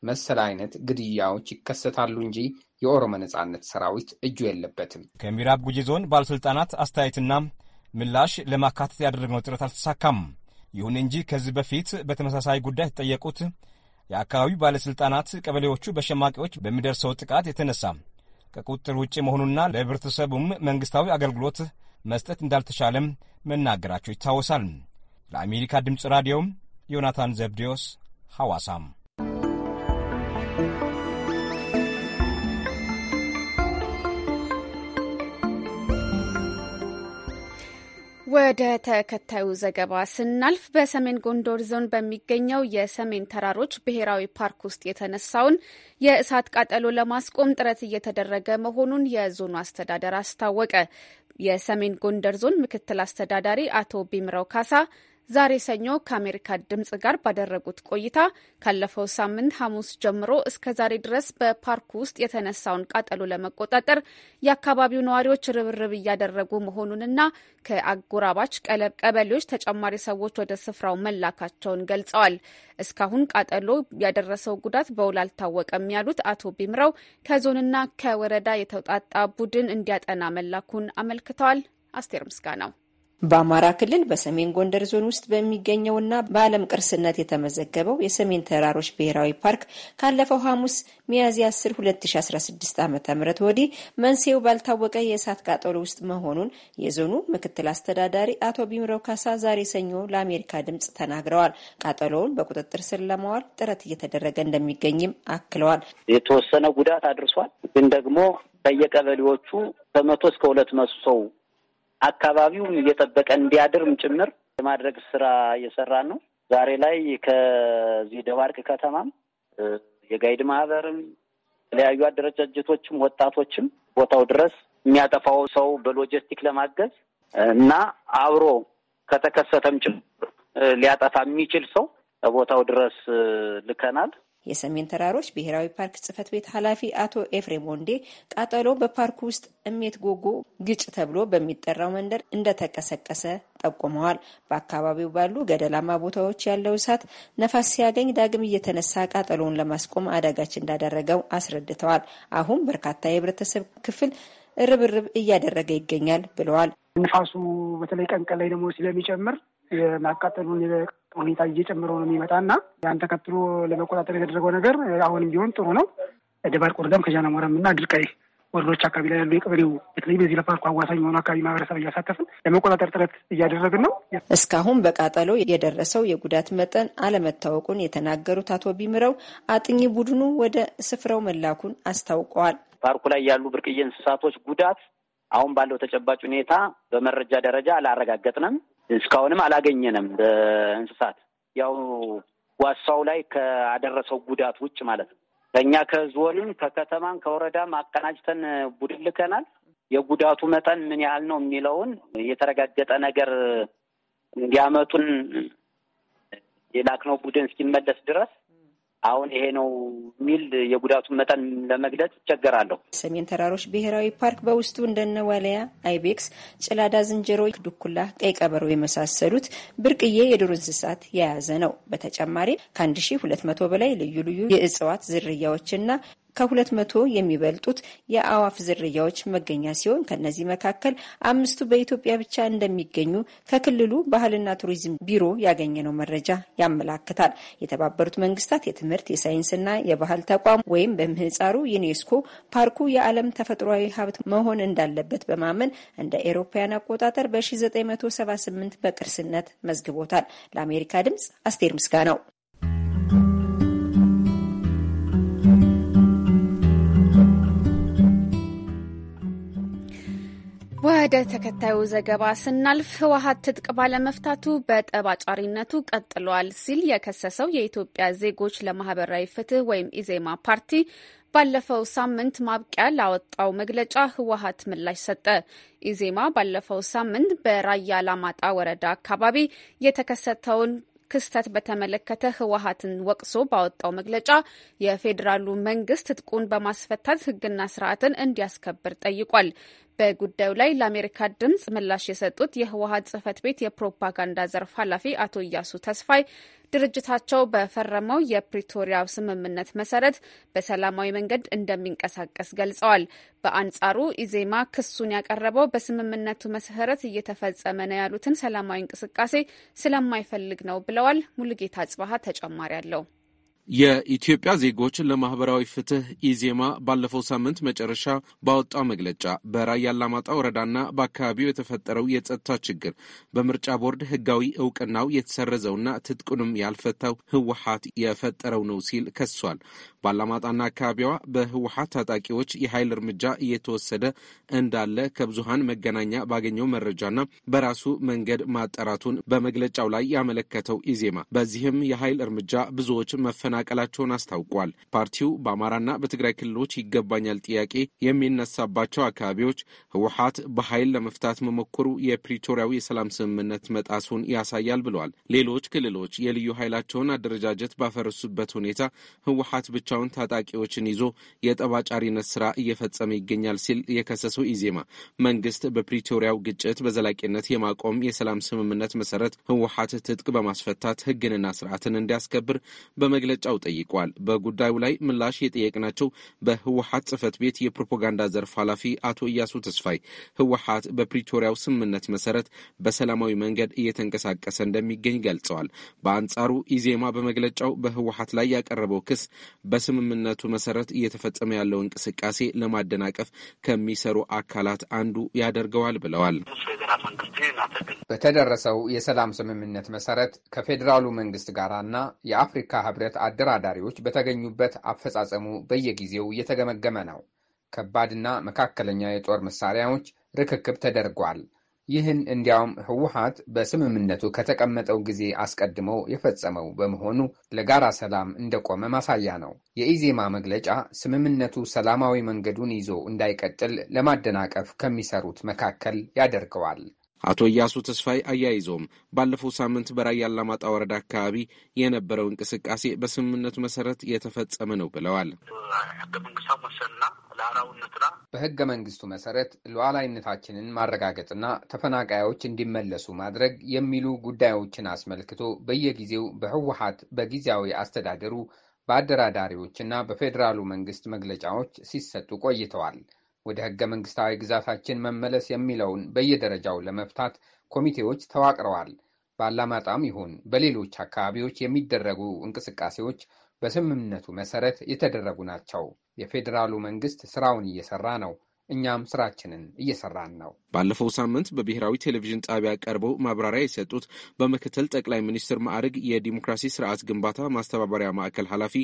Speaker 9: መሰል አይነት ግድያዎች ይከሰታሉ እንጂ የኦሮሞ ነጻነት ሰራዊት እጁ የለበትም።
Speaker 6: ከምዕራብ ጉጂ ዞን ባለሥልጣናት አስተያየትና ምላሽ ለማካተት ያደረግነው ጥረት አልተሳካም። ይሁን እንጂ ከዚህ በፊት በተመሳሳይ ጉዳይ የተጠየቁት የአካባቢው ባለሥልጣናት ቀበሌዎቹ በሸማቂዎች በሚደርሰው ጥቃት የተነሳ ከቁጥር ውጭ መሆኑና ለህብረተሰቡም መንግሥታዊ አገልግሎት መስጠት እንዳልተቻለም መናገራቸው ይታወሳል። ለአሜሪካ ድምፅ ራዲዮም ዮናታን ዘብዴዎስ ሐዋሳም
Speaker 1: ወደ ተከታዩ ዘገባ ስናልፍ በሰሜን ጎንደር ዞን በሚገኘው የሰሜን ተራሮች ብሔራዊ ፓርክ ውስጥ የተነሳውን የእሳት ቃጠሎ ለማስቆም ጥረት እየተደረገ መሆኑን የዞኑ አስተዳደር አስታወቀ። የሰሜን ጎንደር ዞን ምክትል አስተዳዳሪ አቶ ቢምረው ካሳ ዛሬ ሰኞ ከአሜሪካ ድምጽ ጋር ባደረጉት ቆይታ ካለፈው ሳምንት ሐሙስ ጀምሮ እስከ ዛሬ ድረስ በፓርኩ ውስጥ የተነሳውን ቃጠሎ ለመቆጣጠር የአካባቢው ነዋሪዎች ርብርብ እያደረጉ መሆኑንና ከአጎራባች ቀበሌዎች ተጨማሪ ሰዎች ወደ ስፍራው መላካቸውን ገልጸዋል። እስካሁን ቃጠሎ ያደረሰው ጉዳት በውል አልታወቀም ያሉት አቶ ቢምረው ከዞንና ከወረዳ የተውጣጣ ቡድን እንዲያጠና መላኩን አመልክተዋል። አስቴር ምስጋናው
Speaker 11: በአማራ ክልል በሰሜን ጎንደር ዞን ውስጥ በሚገኘውና በዓለም ቅርስነት የተመዘገበው የሰሜን ተራሮች ብሔራዊ ፓርክ ካለፈው ሐሙስ ሚያዝያ 10 2016 ዓ ም ወዲህ መንስኤው ባልታወቀ የእሳት ቃጠሎ ውስጥ መሆኑን የዞኑ ምክትል አስተዳዳሪ አቶ ቢምረው ካሳ ዛሬ ሰኞ ለአሜሪካ ድምፅ ተናግረዋል። ቃጠሎውን በቁጥጥር ስር ለማዋል ጥረት እየተደረገ እንደሚገኝም አክለዋል።
Speaker 3: የተወሰነ ጉዳት አድርሷል፣ ግን ደግሞ በየቀበሌዎቹ ከመቶ እስከ ሁለት መቶ ሰው አካባቢውን እየጠበቀ እንዲያድርም ጭምር የማድረግ ስራ እየሰራ ነው። ዛሬ ላይ ከዚህ ደባርቅ ከተማም የጋይድ ማህበርም የተለያዩ አደረጃጀቶችም ወጣቶችም ቦታው ድረስ የሚያጠፋው ሰው በሎጂስቲክ ለማገዝ እና አብሮ ከተከሰተም ጭምር ሊያጠፋ የሚችል ሰው ቦታው ድረስ
Speaker 11: ልከናል። የሰሜን ተራሮች ብሔራዊ ፓርክ ጽህፈት ቤት ኃላፊ አቶ ኤፍሬም ወንዴ ቃጠሎ በፓርኩ ውስጥ እሜት ጎጎ ግጭ ተብሎ በሚጠራው መንደር እንደተቀሰቀሰ ጠቁመዋል። በአካባቢው ባሉ ገደላማ ቦታዎች ያለው እሳት ነፋስ ሲያገኝ ዳግም እየተነሳ ቃጠሎውን ለማስቆም አዳጋች እንዳደረገው አስረድተዋል። አሁን በርካታ የህብረተሰብ ክፍል ርብርብ እያደረገ ይገኛል ብለዋል። ንፋሱ በተለይ ቀን
Speaker 3: ላይ ደግሞ ስለሚጨምር የማቃጠሉን ሁኔታ እየጨመረ ነው የሚመጣ እና ያን ተከትሎ
Speaker 10: ለመቆጣጠር የተደረገው ነገር አሁንም ቢሆን ጥሩ ነው። ደባርቅ ወረዳም ከጃናሞራም እና ድርቃይ ወረዶች አካባቢ ላይ ያሉ የቀበሌው በተለይ በዚህ ለፓርኩ አዋሳኝ የሆኑ አካባቢ ማህበረሰብ እያሳተፍን ለመቆጣጠር ጥረት
Speaker 11: እያደረግን ነው። እስካሁን በቃጠሎ የደረሰው የጉዳት መጠን አለመታወቁን የተናገሩት አቶ ቢምረው አጥኚ ቡድኑ ወደ ስፍራው መላኩን አስታውቀዋል።
Speaker 3: ፓርኩ ላይ ያሉ ብርቅዬ እንስሳቶች ጉዳት አሁን ባለው ተጨባጭ ሁኔታ በመረጃ ደረጃ አላረጋገጥንም። እስካሁንም አላገኘንም። በእንስሳት ያው ዋሳው ላይ ከደረሰው ጉዳት ውጭ ማለት ነው። ከእኛ ከዞንም ከከተማም ከወረዳም አቀናጅተን ቡድን ልከናል። የጉዳቱ መጠን ምን ያህል ነው የሚለውን የተረጋገጠ ነገር እንዲያመጡን የላክነው ቡድን እስኪመለስ ድረስ አሁን ይሄ ነው የሚል የጉዳቱን መጠን ለመግለጽ ይቸገራለሁ። ሰሜን
Speaker 11: ተራሮች ብሔራዊ ፓርክ በውስጡ እንደነ ዋልያ፣ አይቤክስ፣ ጭላዳ ዝንጀሮ፣ ዱኩላ፣ ቀይ ቀበሮ የመሳሰሉት ብርቅዬ የዱር እንስሳት የያዘ ነው። በተጨማሪም ከ1200 በላይ ልዩ ልዩ የእጽዋት ዝርያዎችና ከሁለት መቶ የሚበልጡት የአዋፍ ዝርያዎች መገኛ ሲሆን ከእነዚህ መካከል አምስቱ በኢትዮጵያ ብቻ እንደሚገኙ ከክልሉ ባህልና ቱሪዝም ቢሮ ያገኘነው መረጃ ያመላክታል። የተባበሩት መንግስታት የትምህርት የሳይንስና የባህል ተቋም ወይም በምህፃሩ ዩኔስኮ ፓርኩ የዓለም ተፈጥሯዊ ሀብት መሆን እንዳለበት በማመን እንደ ኤሮፓያን አቆጣጠር በ1978 በቅርስነት መዝግቦታል። ለአሜሪካ ድምጽ አስቴር ምስጋ ነው።
Speaker 1: ወደ ተከታዩ ዘገባ ስናልፍ ህወሀት ትጥቅ ባለመፍታቱ በጠባጫሪነቱ ቀጥሏል ሲል የከሰሰው የኢትዮጵያ ዜጎች ለማህበራዊ ፍትህ ወይም ኢዜማ ፓርቲ ባለፈው ሳምንት ማብቂያ ላወጣው መግለጫ ህወሀት ምላሽ ሰጠ። ኢዜማ ባለፈው ሳምንት በራያ ላማጣ ወረዳ አካባቢ የተከሰተውን ክስተት በተመለከተ ህወሀትን ወቅሶ ባወጣው መግለጫ የፌዴራሉ መንግስት ትጥቁን በማስፈታት ህግና ስርዓትን እንዲያስከብር ጠይቋል። በጉዳዩ ላይ ለአሜሪካ ድምጽ ምላሽ የሰጡት የህወሀት ጽህፈት ቤት የፕሮፓጋንዳ ዘርፍ ኃላፊ አቶ እያሱ ተስፋይ ድርጅታቸው በፈረመው የፕሪቶሪያ ስምምነት መሰረት በሰላማዊ መንገድ እንደሚንቀሳቀስ ገልጸዋል። በአንጻሩ ኢዜማ ክሱን ያቀረበው በስምምነቱ መሰረት እየተፈጸመ ነው ያሉትን ሰላማዊ እንቅስቃሴ ስለማይፈልግ ነው ብለዋል። ሙሉጌታ ጽባሀ ተጨማሪ አለው።
Speaker 12: የኢትዮጵያ ዜጎች ለማህበራዊ ፍትህ ኢዜማ ባለፈው ሳምንት መጨረሻ ባወጣው መግለጫ በራያ አላማጣ ወረዳና በአካባቢው የተፈጠረው የጸጥታ ችግር በምርጫ ቦርድ ህጋዊ እውቅናው የተሰረዘውና ትጥቁንም ያልፈታው ህወሀት የፈጠረው ነው ሲል ከሷል። ባላማጣና አካባቢዋ በህወሀት ታጣቂዎች የኃይል እርምጃ እየተወሰደ እንዳለ ከብዙሃን መገናኛ ባገኘው መረጃና በራሱ መንገድ ማጣራቱን በመግለጫው ላይ ያመለከተው ኢዜማ በዚህም የኃይል እርምጃ ብዙዎች መፈ መፈናቀላቸውን አስታውቋል። ፓርቲው በአማራና በትግራይ ክልሎች ይገባኛል ጥያቄ የሚነሳባቸው አካባቢዎች ህወሀት በኃይል ለመፍታት መሞከሩ የፕሪቶሪያው የሰላም ስምምነት መጣሱን ያሳያል ብለዋል። ሌሎች ክልሎች የልዩ ኃይላቸውን አደረጃጀት ባፈረሱበት ሁኔታ ህወሀት ብቻውን ታጣቂዎችን ይዞ የጠባጫሪነት ስራ እየፈጸመ ይገኛል ሲል የከሰሰው ኢዜማ መንግስት በፕሪቶሪያው ግጭት በዘላቂነት የማቆም የሰላም ስምምነት መሰረት ህወሀት ትጥቅ በማስፈታት ህግንና ስርዓትን እንዲያስከብር በመግለጫ በመግለጫው ጠይቋል። በጉዳዩ ላይ ምላሽ የጠየቅናቸው በህወሀት ጽህፈት ቤት የፕሮፓጋንዳ ዘርፍ ኃላፊ አቶ እያሱ ተስፋይ ህወሀት በፕሪቶሪያው ስምምነት መሰረት በሰላማዊ መንገድ እየተንቀሳቀሰ እንደሚገኝ ገልጸዋል። በአንጻሩ ኢዜማ በመግለጫው በህወሀት ላይ ያቀረበው ክስ በስምምነቱ መሰረት እየተፈጸመ ያለው እንቅስቃሴ ለማደናቀፍ ከሚሰሩ አካላት አንዱ ያደርገዋል ብለዋል።
Speaker 9: በተደረሰው የሰላም ስምምነት መሰረት ከፌዴራሉ መንግስት ጋርና የአፍሪካ ህብረት አደራዳሪዎች በተገኙበት አፈጻጸሙ በየጊዜው እየተገመገመ ነው። ከባድና መካከለኛ የጦር መሳሪያዎች ርክክብ ተደርጓል። ይህን እንዲያውም ህወሀት በስምምነቱ ከተቀመጠው ጊዜ አስቀድሞ የፈጸመው በመሆኑ ለጋራ ሰላም እንደቆመ ማሳያ ነው። የኢዜማ መግለጫ ስምምነቱ ሰላማዊ መንገዱን ይዞ
Speaker 12: እንዳይቀጥል ለማደናቀፍ ከሚሰሩት መካከል ያደርገዋል። አቶ እያሱ ተስፋይ አያይዘውም ባለፈው ሳምንት በራያ አላማጣ ወረዳ አካባቢ የነበረው እንቅስቃሴ በስምምነቱ መሰረት የተፈጸመ ነው ብለዋል።
Speaker 9: በህገ መንግስቱ መሰረት ሉዓላዊነታችንን ማረጋገጥና ተፈናቃዮች እንዲመለሱ ማድረግ የሚሉ ጉዳዮችን አስመልክቶ በየጊዜው በህወሀት በጊዜያዊ አስተዳደሩ በአደራዳሪዎችና በፌዴራሉ መንግስት መግለጫዎች ሲሰጡ ቆይተዋል። ወደ ህገ መንግስታዊ ግዛታችን መመለስ የሚለውን በየደረጃው ለመፍታት ኮሚቴዎች ተዋቅረዋል። በአላማጣም ይሁን በሌሎች አካባቢዎች የሚደረጉ እንቅስቃሴዎች በስምምነቱ መሰረት የተደረጉ ናቸው። የፌዴራሉ መንግስት ስራውን እየሰራ ነው። እኛም ስራችንን እየሰራን ነው።
Speaker 12: ባለፈው ሳምንት በብሔራዊ ቴሌቪዥን ጣቢያ ቀርበው ማብራሪያ የሰጡት በምክትል ጠቅላይ ሚኒስትር ማዕረግ የዲሞክራሲ ስርዓት ግንባታ ማስተባበሪያ ማዕከል ኃላፊ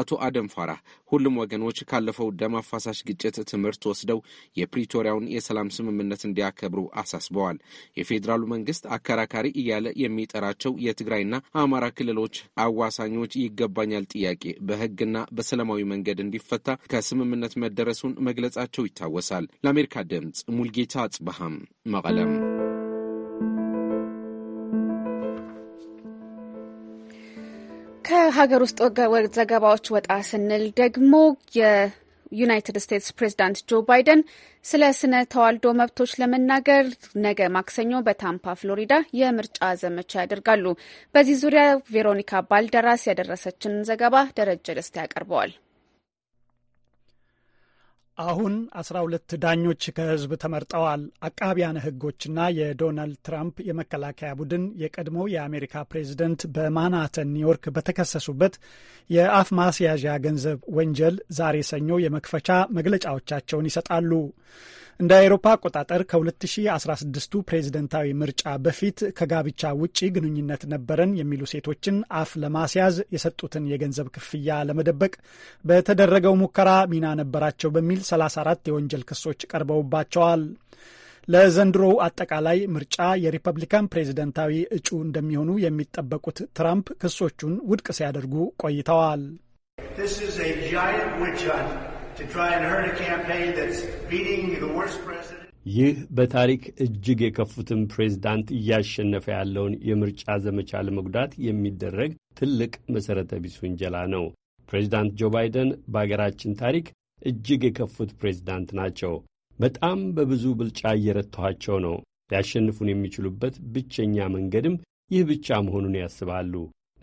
Speaker 12: አቶ አደም ፋራ ሁሉም ወገኖች ካለፈው ደም አፋሳሽ ግጭት ትምህርት ወስደው የፕሪቶሪያውን የሰላም ስምምነት እንዲያከብሩ አሳስበዋል። የፌዴራሉ መንግስት አከራካሪ እያለ የሚጠራቸው የትግራይና አማራ ክልሎች አዋሳኞች ይገባኛል ጥያቄ በህግና በሰላማዊ መንገድ እንዲፈታ ከስምምነት መደረሱን መግለጻቸው ይታወሳል። ይታወሳል። ለአሜሪካ ድምፅ ሙልጌታ አጽበሃም መቀለም።
Speaker 1: ከሀገር ውስጥ ዘገባዎች ወጣ ስንል ደግሞ የዩናይትድ ስቴትስ ፕሬዚዳንት ጆ ባይደን ስለ ስነ ተዋልዶ መብቶች ለመናገር ነገ ማክሰኞ በታምፓ ፍሎሪዳ የምርጫ ዘመቻ ያደርጋሉ። በዚህ ዙሪያ ቬሮኒካ ባልደራስ ያደረሰችን ዘገባ ደረጀ ደስታ ያቀርበዋል።
Speaker 10: አሁን 12 ዳኞች ከህዝብ ተመርጠዋል። አቃቢያነ ህጎችና የዶናልድ ትራምፕ የመከላከያ ቡድን የቀድሞው የአሜሪካ ፕሬዝደንት በማናተን ኒውዮርክ በተከሰሱበት የአፍ ማስያዣ ገንዘብ ወንጀል ዛሬ ሰኞ የመክፈቻ መግለጫዎቻቸውን ይሰጣሉ። እንደ አውሮፓ አቆጣጠር ከ2016ቱ ፕሬዝደንታዊ ምርጫ በፊት ከጋብቻ ውጪ ግንኙነት ነበረን የሚሉ ሴቶችን አፍ ለማስያዝ የሰጡትን የገንዘብ ክፍያ ለመደበቅ በተደረገው ሙከራ ሚና ነበራቸው በሚል 34 የወንጀል ክሶች ቀርበውባቸዋል። ለዘንድሮው አጠቃላይ ምርጫ የሪፐብሊካን ፕሬዝደንታዊ እጩ እንደሚሆኑ የሚጠበቁት ትራምፕ ክሶቹን ውድቅ ሲያደርጉ ቆይተዋል።
Speaker 7: ይህ በታሪክ እጅግ የከፉትን ፕሬዝዳንት እያሸነፈ ያለውን የምርጫ ዘመቻ ለመጉዳት የሚደረግ ትልቅ መሠረተ ቢስ ውንጀላ ነው። ፕሬዝዳንት ጆ ባይደን በአገራችን ታሪክ እጅግ የከፉት ፕሬዝዳንት ናቸው። በጣም በብዙ ብልጫ እየረታኋቸው ነው። ሊያሸንፉን የሚችሉበት ብቸኛ መንገድም ይህ ብቻ መሆኑን ያስባሉ።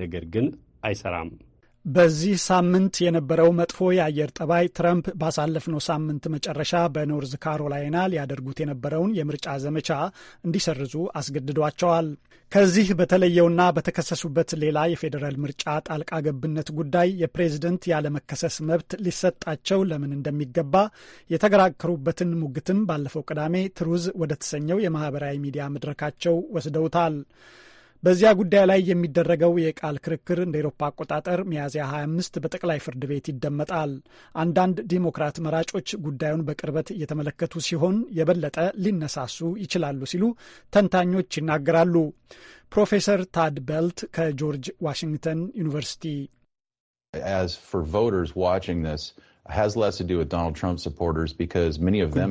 Speaker 7: ነገር ግን አይሰራም።
Speaker 10: በዚህ ሳምንት የነበረው መጥፎ የአየር ጠባይ ትራምፕ ባሳለፍነው ሳምንት መጨረሻ በኖርዝ ካሮላይና ሊያደርጉት የነበረውን የምርጫ ዘመቻ እንዲሰርዙ አስገድዷቸዋል። ከዚህ በተለየውና በተከሰሱበት ሌላ የፌዴራል ምርጫ ጣልቃ ገብነት ጉዳይ የፕሬዝደንት ያለመከሰስ መብት ሊሰጣቸው ለምን እንደሚገባ የተከራከሩበትን ሙግትም ባለፈው ቅዳሜ ትሩዝ ወደ ተሰኘው የማህበራዊ ሚዲያ መድረካቸው ወስደውታል። በዚያ ጉዳይ ላይ የሚደረገው የቃል ክርክር እንደ ኤሮፓ አቆጣጠር ሚያዝያ 25 በጠቅላይ ፍርድ ቤት ይደመጣል። አንዳንድ ዲሞክራት መራጮች ጉዳዩን በቅርበት እየተመለከቱ ሲሆን የበለጠ ሊነሳሱ ይችላሉ ሲሉ ተንታኞች ይናገራሉ። ፕሮፌሰር ታድ ቤልት ከጆርጅ ዋሽንግተን ዩኒቨርሲቲ
Speaker 12: As for voters watching this,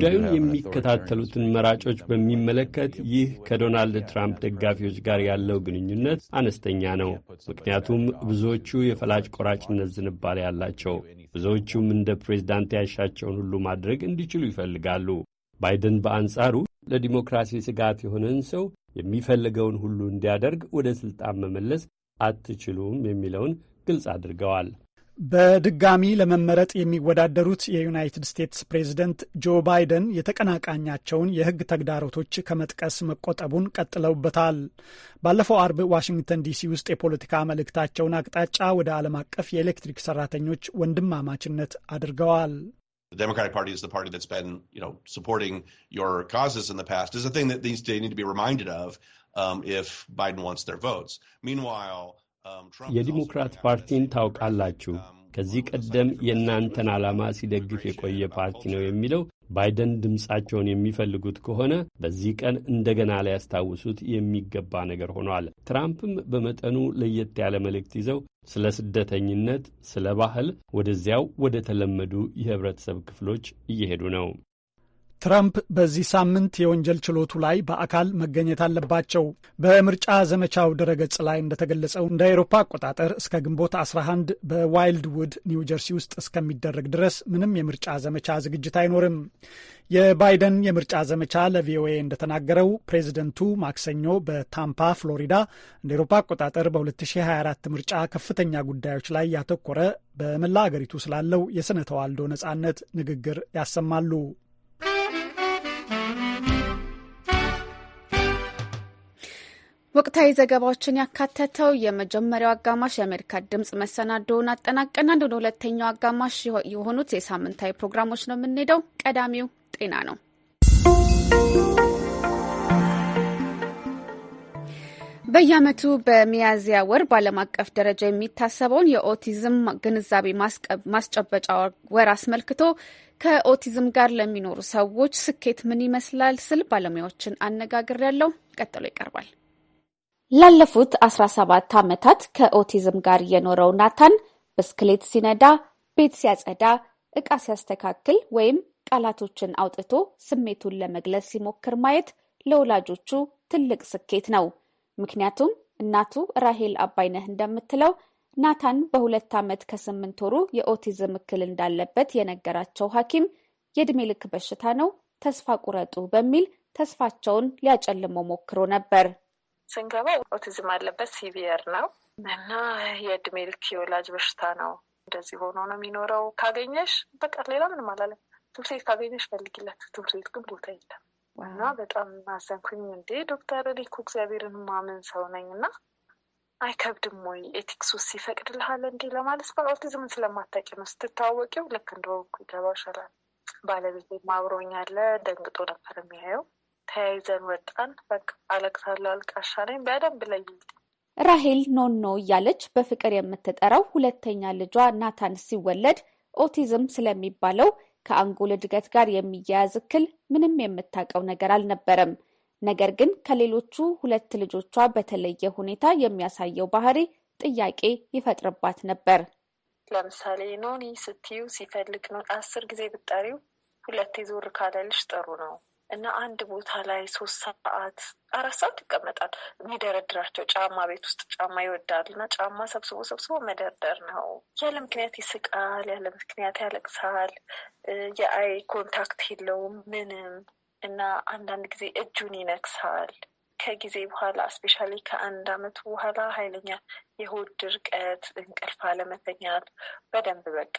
Speaker 12: ጉዳዩን
Speaker 7: የሚከታተሉትን መራጮች በሚመለከት ይህ ከዶናልድ ትራምፕ ደጋፊዎች ጋር ያለው ግንኙነት አነስተኛ ነው። ምክንያቱም ብዙዎቹ የፈላጭ ቆራጭነት ዝንባሌ ያላቸው፣ ብዙዎቹም እንደ ፕሬዝዳንት ያሻቸውን ሁሉ ማድረግ እንዲችሉ ይፈልጋሉ። ባይደን በአንጻሩ ለዲሞክራሲ ስጋት የሆነን ሰው የሚፈልገውን ሁሉ እንዲያደርግ ወደ ስልጣን መመለስ አትችሉም የሚለውን ግልጽ አድርገዋል።
Speaker 10: በድጋሚ ለመመረጥ የሚወዳደሩት የዩናይትድ ስቴትስ ፕሬዝደንት ጆ ባይደን የተቀናቃኛቸውን የህግ ተግዳሮቶች ከመጥቀስ መቆጠቡን ቀጥለውበታል። ባለፈው አርብ ዋሽንግተን ዲሲ ውስጥ የፖለቲካ መልእክታቸውን አቅጣጫ ወደ ዓለም አቀፍ የኤሌክትሪክ ሰራተኞች ወንድማማችነት አድርገዋል።
Speaker 8: ዴሞክራቲክ ፓርቲ ስ ፓርቲ ስ
Speaker 7: የዲሞክራት ፓርቲን ታውቃላችሁ። ከዚህ ቀደም የእናንተን ዓላማ ሲደግፍ የቆየ ፓርቲ ነው የሚለው ባይደን ድምፃቸውን የሚፈልጉት ከሆነ በዚህ ቀን እንደገና ሊያስታውሱት የሚገባ ነገር ሆኗል። ትራምፕም በመጠኑ ለየት ያለ መልእክት ይዘው ስለ ስደተኝነት፣ ስለ ባህል ወደዚያው ወደ ተለመዱ የህብረተሰብ ክፍሎች እየሄዱ ነው።
Speaker 10: ትራምፕ በዚህ ሳምንት የወንጀል ችሎቱ ላይ በአካል መገኘት አለባቸው። በምርጫ ዘመቻው ድረገጽ ላይ እንደተገለጸው እንደ አውሮፓ አቆጣጠር እስከ ግንቦት 11 በዋይልድ ውድ ኒው ጀርሲ ውስጥ እስከሚደረግ ድረስ ምንም የምርጫ ዘመቻ ዝግጅት አይኖርም። የባይደን የምርጫ ዘመቻ ለቪኦኤ እንደተናገረው ፕሬዚደንቱ ማክሰኞ በታምፓ ፍሎሪዳ እንደ አውሮፓ አቆጣጠር በ2024 ምርጫ ከፍተኛ ጉዳዮች ላይ ያተኮረ በመላ አገሪቱ ስላለው የስነ ተዋልዶ ነጻነት ንግግር ያሰማሉ።
Speaker 1: ወቅታዊ ዘገባዎችን ያካተተው የመጀመሪያው አጋማሽ የአሜሪካ ድምጽ መሰናዶውን አጠናቀናል። ወደ ሁለተኛው አጋማሽ የሆኑት የሳምንታዊ ፕሮግራሞች ነው የምንሄደው። ቀዳሚው ጤና ነው። በየዓመቱ በሚያዝያ ወር በዓለም አቀፍ ደረጃ የሚታሰበውን የኦቲዝም ግንዛቤ ማስጨበጫ ወር አስመልክቶ ከኦቲዝም ጋር ለሚኖሩ ሰዎች ስኬት ምን ይመስላል ስል ባለሙያዎችን አነጋግሬያለሁ። ቀጥሎ ይቀርባል። ላለፉት 17 ዓመታት ከኦቲዝም ጋር የኖረው ናታን ብስክሌት ሲነዳ፣ ቤት ሲያጸዳ፣ ዕቃ ሲያስተካክል ወይም ቃላቶችን አውጥቶ ስሜቱን ለመግለጽ ሲሞክር ማየት ለወላጆቹ ትልቅ ስኬት ነው። ምክንያቱም እናቱ ራሄል አባይነህ እንደምትለው ናታን በሁለት ዓመት ከስምንት ወሩ የኦቲዝም እክል እንዳለበት የነገራቸው ሐኪም የዕድሜ ልክ በሽታ ነው፣ ተስፋ ቁረጡ በሚል ተስፋቸውን ሊያጨልሞ ሞክሮ ነበር።
Speaker 13: ስንገባ ኦቲዝም አለበት፣ ሲቪየር ነው እና የእድሜ ልክ የወላጅ በሽታ ነው። እንደዚህ ሆኖ ነው የሚኖረው። ካገኘሽ በቃ ሌላ ምንም አላለም። ትምህርት ቤት ካገኘሽ ፈልጊለት፣ ትምህርት ቤት ግን ቦታ የለም እና በጣም አዘንኩኝ። እንዴ ዶክተር እኔ እግዚአብሔርን ማምን ሰው ነኝ እና አይከብድም ወይ ኤቲክስ ውስጥ ይፈቅድልሃል እንዴ ለማለት ባል ኦቲዝምን ስለማታውቂ ነው። ስትታወቂው ልክ እንደሆንኩ ይገባሻል። ባለቤቴም አብሮኛል። ደንግጦ ነበር የሚያየው ተያይዘን ወጣን። በቃ አለቅሳለሁ፣ አልቃሻ ነኝ፣ በደንብ ለይ
Speaker 1: ራሄል ኖኖ እያለች በፍቅር የምትጠራው ሁለተኛ ልጇ ናታን ሲወለድ ኦቲዝም ስለሚባለው ከአንጎል እድገት ጋር የሚያያዝ እክል ምንም የምታውቀው ነገር አልነበረም። ነገር ግን ከሌሎቹ ሁለት ልጆቿ በተለየ ሁኔታ የሚያሳየው ባህሪ ጥያቄ ይፈጥርባት ነበር።
Speaker 13: ለምሳሌ ኖኒ ስትዩ ሲፈልግ ነው። አስር ጊዜ ብጠሪው ሁለቴ ዞር ካለልሽ ጥሩ ነው እና አንድ ቦታ ላይ ሶስት ሰዓት አራት ሰዓት ይቀመጣል። የሚደረድራቸው ጫማ ቤት ውስጥ ጫማ ይወዳል እና ጫማ ሰብስቦ ሰብስቦ መደርደር ነው። ያለ ምክንያት ይስቃል፣ ያለ ምክንያት ያለቅሳል፣ የአይ ኮንታክት የለውም ምንም እና አንዳንድ ጊዜ እጁን ይነክሳል። ከጊዜ በኋላ እስፔሻሊ ከአንድ አመት በኋላ ኃይለኛ የሆድ ድርቀት፣ እንቅልፍ አለመተኛት በደንብ በቃ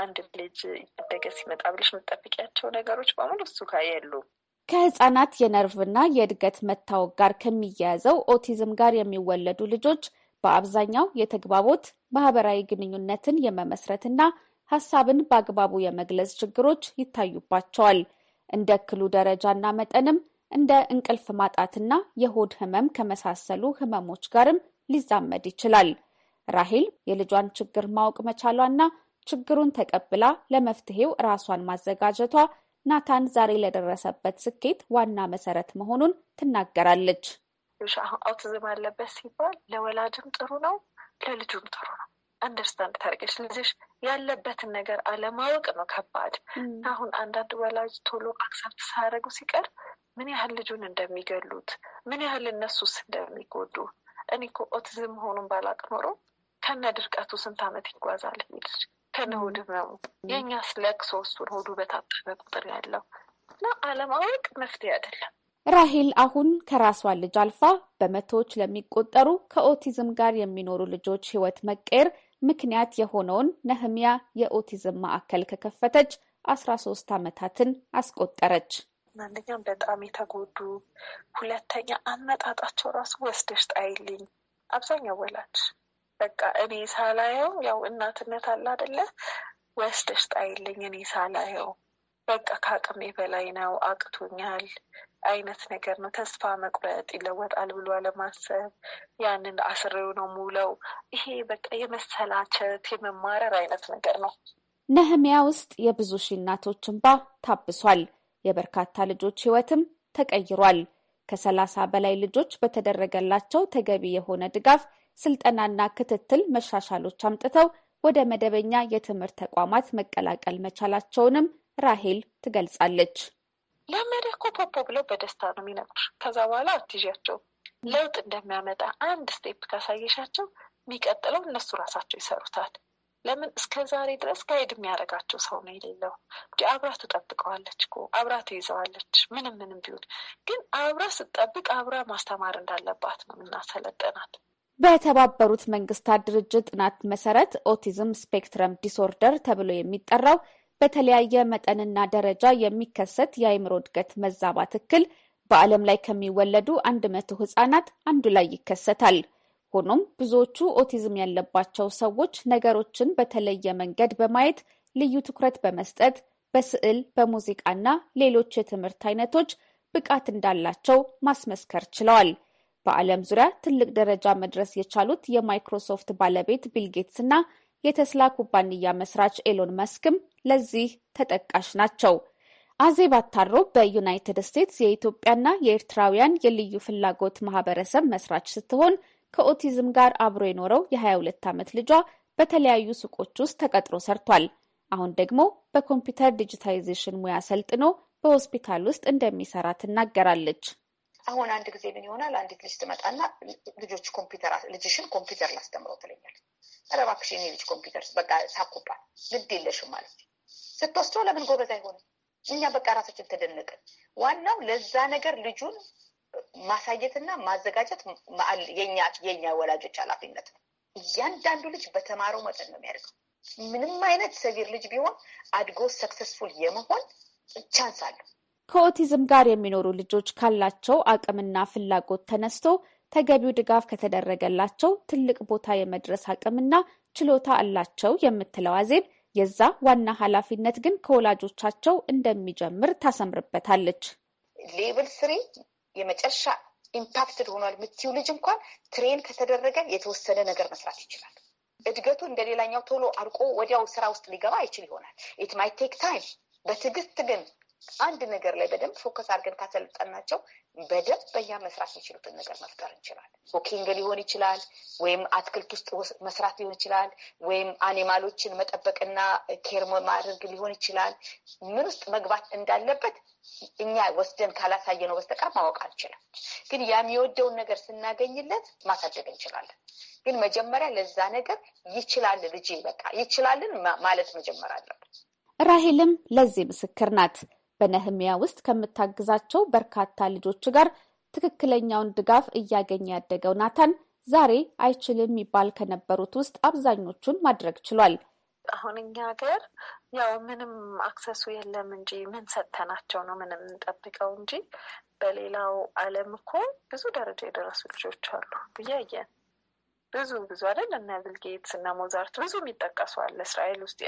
Speaker 13: አንድ ልጅ እያደገ ሲመጣ ብለሽ የምጠብቂያቸው ነገሮች በሙሉ እሱ ጋር የሉም።
Speaker 1: ከህጻናት የነርቭና የእድገት መታወቅ ጋር ከሚያያዘው ኦቲዝም ጋር የሚወለዱ ልጆች በአብዛኛው የተግባቦት ማህበራዊ ግንኙነትን የመመስረትና ሀሳብን በአግባቡ የመግለጽ ችግሮች ይታዩባቸዋል። እንደ እክሉ ደረጃና መጠንም እንደ እንቅልፍ ማጣትና የሆድ ህመም ከመሳሰሉ ህመሞች ጋርም ሊዛመድ ይችላል። ራሄል የልጇን ችግር ማወቅ መቻሏና ችግሩን ተቀብላ ለመፍትሄው ራሷን ማዘጋጀቷ ናታን ዛሬ ለደረሰበት ስኬት ዋና መሰረት መሆኑን ትናገራለች።
Speaker 13: አውቲዝም አለበት ሲባል ለወላጅም ጥሩ ነው፣ ለልጁም ጥሩ ነው። አንደርስታንድ ታርጌች ልጅሽ ያለበትን ነገር አለማወቅ ነው ከባድ። አሁን አንዳንድ ወላጅ ቶሎ አክሰፕት ሳያደርጉ ሲቀር ምን ያህል ልጁን እንደሚገሉት፣ ምን ያህል እነሱስ እንደሚጎዱ። እኔ እኮ ኦቲዝም መሆኑን ባላቅ ኖሮ ከነ ድርቀቱ ስንት ዓመት ይጓዛል ልጅ ከንውድብ ነው የእኛ ስለቅሶ ሶስቱን ሆዱ በታጠበ ቁጥር ያለው እና አለማወቅ መፍትሄ አይደለም።
Speaker 1: ራሂል አሁን ከራሷ ልጅ አልፋ በመቶዎች ለሚቆጠሩ ከኦቲዝም ጋር የሚኖሩ ልጆች ህይወት መቀየር ምክንያት የሆነውን ነህሚያ የኦቲዝም ማዕከል ከከፈተች አስራ ሶስት አመታትን አስቆጠረች።
Speaker 13: አንደኛም በጣም የተጎዱ ሁለተኛ አመጣጣቸው ራሱ ወስደሽ ጣይልኝ አብዛኛው ወላጅ በቃ እኔ ሳላየው ያው እናትነት አለ አደለ ወስደሽ ጣይልኝ እኔ ሳላየው በቃ ከአቅሜ በላይ ነው አቅቶኛል አይነት ነገር ነው። ተስፋ መቁረጥ ይለወጣል ብሎ አለማሰብ ያንን አስሬው ነው ሙለው ይሄ በቃ የመሰላቸት የመማረር አይነት ነገር ነው።
Speaker 1: ነህሚያ ውስጥ የብዙ ሺ እናቶች እንባ ታብሷል። የበርካታ ልጆች ህይወትም ተቀይሯል። ከሰላሳ በላይ ልጆች በተደረገላቸው ተገቢ የሆነ ድጋፍ ስልጠናና ክትትል መሻሻሎች አምጥተው ወደ መደበኛ የትምህርት ተቋማት መቀላቀል መቻላቸውንም ራሄል ትገልጻለች።
Speaker 13: ለመደ እኮ ፖፖ ብለው በደስታ ነው የሚነግሩ። ከዛ በኋላ አትይዣቸው ለውጥ እንደሚያመጣ አንድ ስቴፕ ካሳየሻቸው የሚቀጥለው እነሱ ራሳቸው ይሰሩታል። ለምን እስከ ዛሬ ድረስ ጋይድ የሚያደርጋቸው ሰው ነው የሌለው እ አብራ ትጠብቀዋለች እኮ አብራ ትይዘዋለች። ምንም ምንም ቢሆን ግን አብራ ስትጠብቅ አብራ ማስተማር እንዳለባት ነው የምናሰለጠናት።
Speaker 1: በተባበሩት መንግስታት ድርጅት ጥናት መሰረት ኦቲዝም ስፔክትረም ዲስኦርደር ተብሎ የሚጠራው በተለያየ መጠንና ደረጃ የሚከሰት የአይምሮ እድገት መዛባት እክል በዓለም ላይ ከሚወለዱ አንድ መቶ ህጻናት አንዱ ላይ ይከሰታል። ሆኖም ብዙዎቹ ኦቲዝም ያለባቸው ሰዎች ነገሮችን በተለየ መንገድ በማየት ልዩ ትኩረት በመስጠት በስዕል፣ በሙዚቃና ሌሎች የትምህርት አይነቶች ብቃት እንዳላቸው ማስመስከር ችለዋል። በዓለም ዙሪያ ትልቅ ደረጃ መድረስ የቻሉት የማይክሮሶፍት ባለቤት ቢል ጌትስ እና የቴስላ ኩባንያ መስራች ኤሎን መስክም ለዚህ ተጠቃሽ ናቸው። አዜብ አታሮ በዩናይትድ ስቴትስ የኢትዮጵያና የኤርትራውያን የልዩ ፍላጎት ማህበረሰብ መስራች ስትሆን ከኦቲዝም ጋር አብሮ የኖረው የ22 ዓመት ልጇ በተለያዩ ሱቆች ውስጥ ተቀጥሮ ሰርቷል። አሁን ደግሞ በኮምፒውተር ዲጂታይዜሽን ሙያ ሰልጥኖ በሆስፒታል ውስጥ እንደሚሰራ ትናገራለች።
Speaker 14: አሁን አንድ ጊዜ ምን ይሆናል፣ አንዲት ልጅ ትመጣና ልጆች ኮምፒውተር ልጅሽን ኮምፒውተር ላስተምረው ትለኛል። ኧረ እባክሽ የኔ ልጅ ኮምፒውተር በቃ ሳኩባት ግድ የለሽም ማለት ስትወስደው ለምን ጎበዝ አይሆንም? እኛ በቃ ራሳችን ተደነቅን። ዋናው ለዛ ነገር ልጁን ማሳየትና ማዘጋጀት የኛ ወላጆች ኃላፊነት ነው። እያንዳንዱ ልጅ በተማረው መጠን ነው የሚያደርገው። ምንም አይነት ሰቪር ልጅ ቢሆን አድጎ ሰክሰስፉል የመሆን ቻንስ አለው።
Speaker 1: ከኦቲዝም ጋር የሚኖሩ ልጆች ካላቸው አቅምና ፍላጎት ተነስቶ ተገቢው ድጋፍ ከተደረገላቸው ትልቅ ቦታ የመድረስ አቅምና ችሎታ አላቸው የምትለው አዜብ የዛ ዋና ኃላፊነት ግን ከወላጆቻቸው እንደሚጀምር ታሰምርበታለች።
Speaker 14: ሌቭል ስሪ የመጨረሻ ኢምፓክትድ ሆኗል የምትይው ልጅ እንኳን ትሬን ከተደረገ የተወሰነ ነገር መስራት ይችላል። እድገቱ እንደሌላኛው ቶሎ አርቆ ወዲያው ስራ ውስጥ ሊገባ አይችል ይሆናል። ኢት ማይ ቴክ ታይም። በትዕግስት ግን አንድ ነገር ላይ በደንብ ፎከስ አድርገን ካሰለጠናቸው በደንብ በኛ መስራት የሚችሉትን ነገር መፍጠር እንችላለን። ኮኪንግ ሊሆን ይችላል፣ ወይም አትክልት ውስጥ መስራት ሊሆን ይችላል፣ ወይም አኒማሎችን መጠበቅና ኬር ማድረግ ሊሆን ይችላል። ምን ውስጥ መግባት እንዳለበት እኛ ወስደን ካላሳየ ነው በስተቀር ማወቅ አልችልም። ግን ያ የሚወደውን ነገር ስናገኝለት ማሳደግ እንችላለን። ግን መጀመሪያ ለዛ ነገር ይችላል ልጅ በቃ ይችላልን ማለት መጀመር አለብን።
Speaker 1: ራሄልም ለዚህ ምስክር ናት። በነህሚያ ውስጥ ከምታግዛቸው በርካታ ልጆች ጋር ትክክለኛውን ድጋፍ እያገኘ ያደገው ናታን ዛሬ አይችልም የሚባል ከነበሩት ውስጥ አብዛኞቹን ማድረግ ችሏል።
Speaker 13: አሁን እኛ ሀገር ያው ምንም አክሰሱ የለም እንጂ ምን ሰጥተናቸው ነው ምንም የምንጠብቀው እንጂ በሌላው ዓለም እኮ ብዙ ደረጃ የደረሱ ልጆች አሉ ብያየን ብዙ ብዙ አይደል እነ ብልጌትስ እነ ሞዛርት ብዙ የሚጠቀሱ አለ። እስራኤል ውስጥ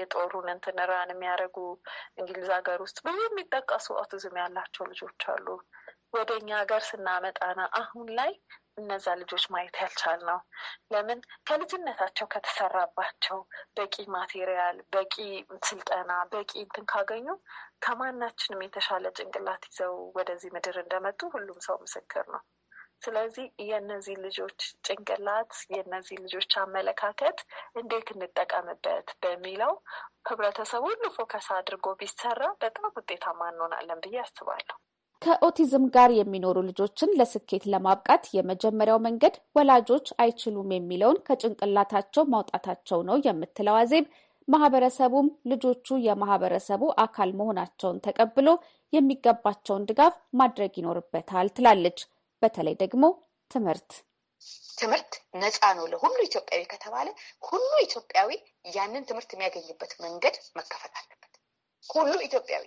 Speaker 13: የጦሩን እንትን ራን የሚያደርጉ እንግሊዝ ሀገር ውስጥ ብዙ የሚጠቀሱ ኦቲዝም ያላቸው ልጆች አሉ። ወደ እኛ ሀገር ስናመጣና አሁን ላይ እነዛ ልጆች ማየት ያልቻል ነው። ለምን ከልጅነታቸው ከተሰራባቸው በቂ ማቴሪያል፣ በቂ ስልጠና፣ በቂ እንትን ካገኙ ከማናችንም የተሻለ ጭንቅላት ይዘው ወደዚህ ምድር እንደመጡ ሁሉም ሰው ምስክር ነው። ስለዚህ የእነዚህ ልጆች ጭንቅላት የእነዚህ ልጆች አመለካከት እንዴት እንጠቀምበት በሚለው ህብረተሰቡ ሁሉ ፎከስ አድርጎ ቢሰራ በጣም ውጤታማ እንሆናለን ብዬ አስባለሁ።
Speaker 1: ከኦቲዝም ጋር የሚኖሩ ልጆችን ለስኬት ለማብቃት የመጀመሪያው መንገድ ወላጆች አይችሉም የሚለውን ከጭንቅላታቸው ማውጣታቸው ነው የምትለው አዜብ፣ ማህበረሰቡም ልጆቹ የማህበረሰቡ አካል መሆናቸውን ተቀብሎ የሚገባቸውን ድጋፍ ማድረግ ይኖርበታል ትላለች። በተለይ ደግሞ
Speaker 14: ትምህርት ትምህርት ነፃ ነው ለሁሉ ኢትዮጵያዊ ከተባለ ሁሉ ኢትዮጵያዊ ያንን ትምህርት የሚያገኝበት መንገድ መከፈት አለበት። ሁሉ ኢትዮጵያዊ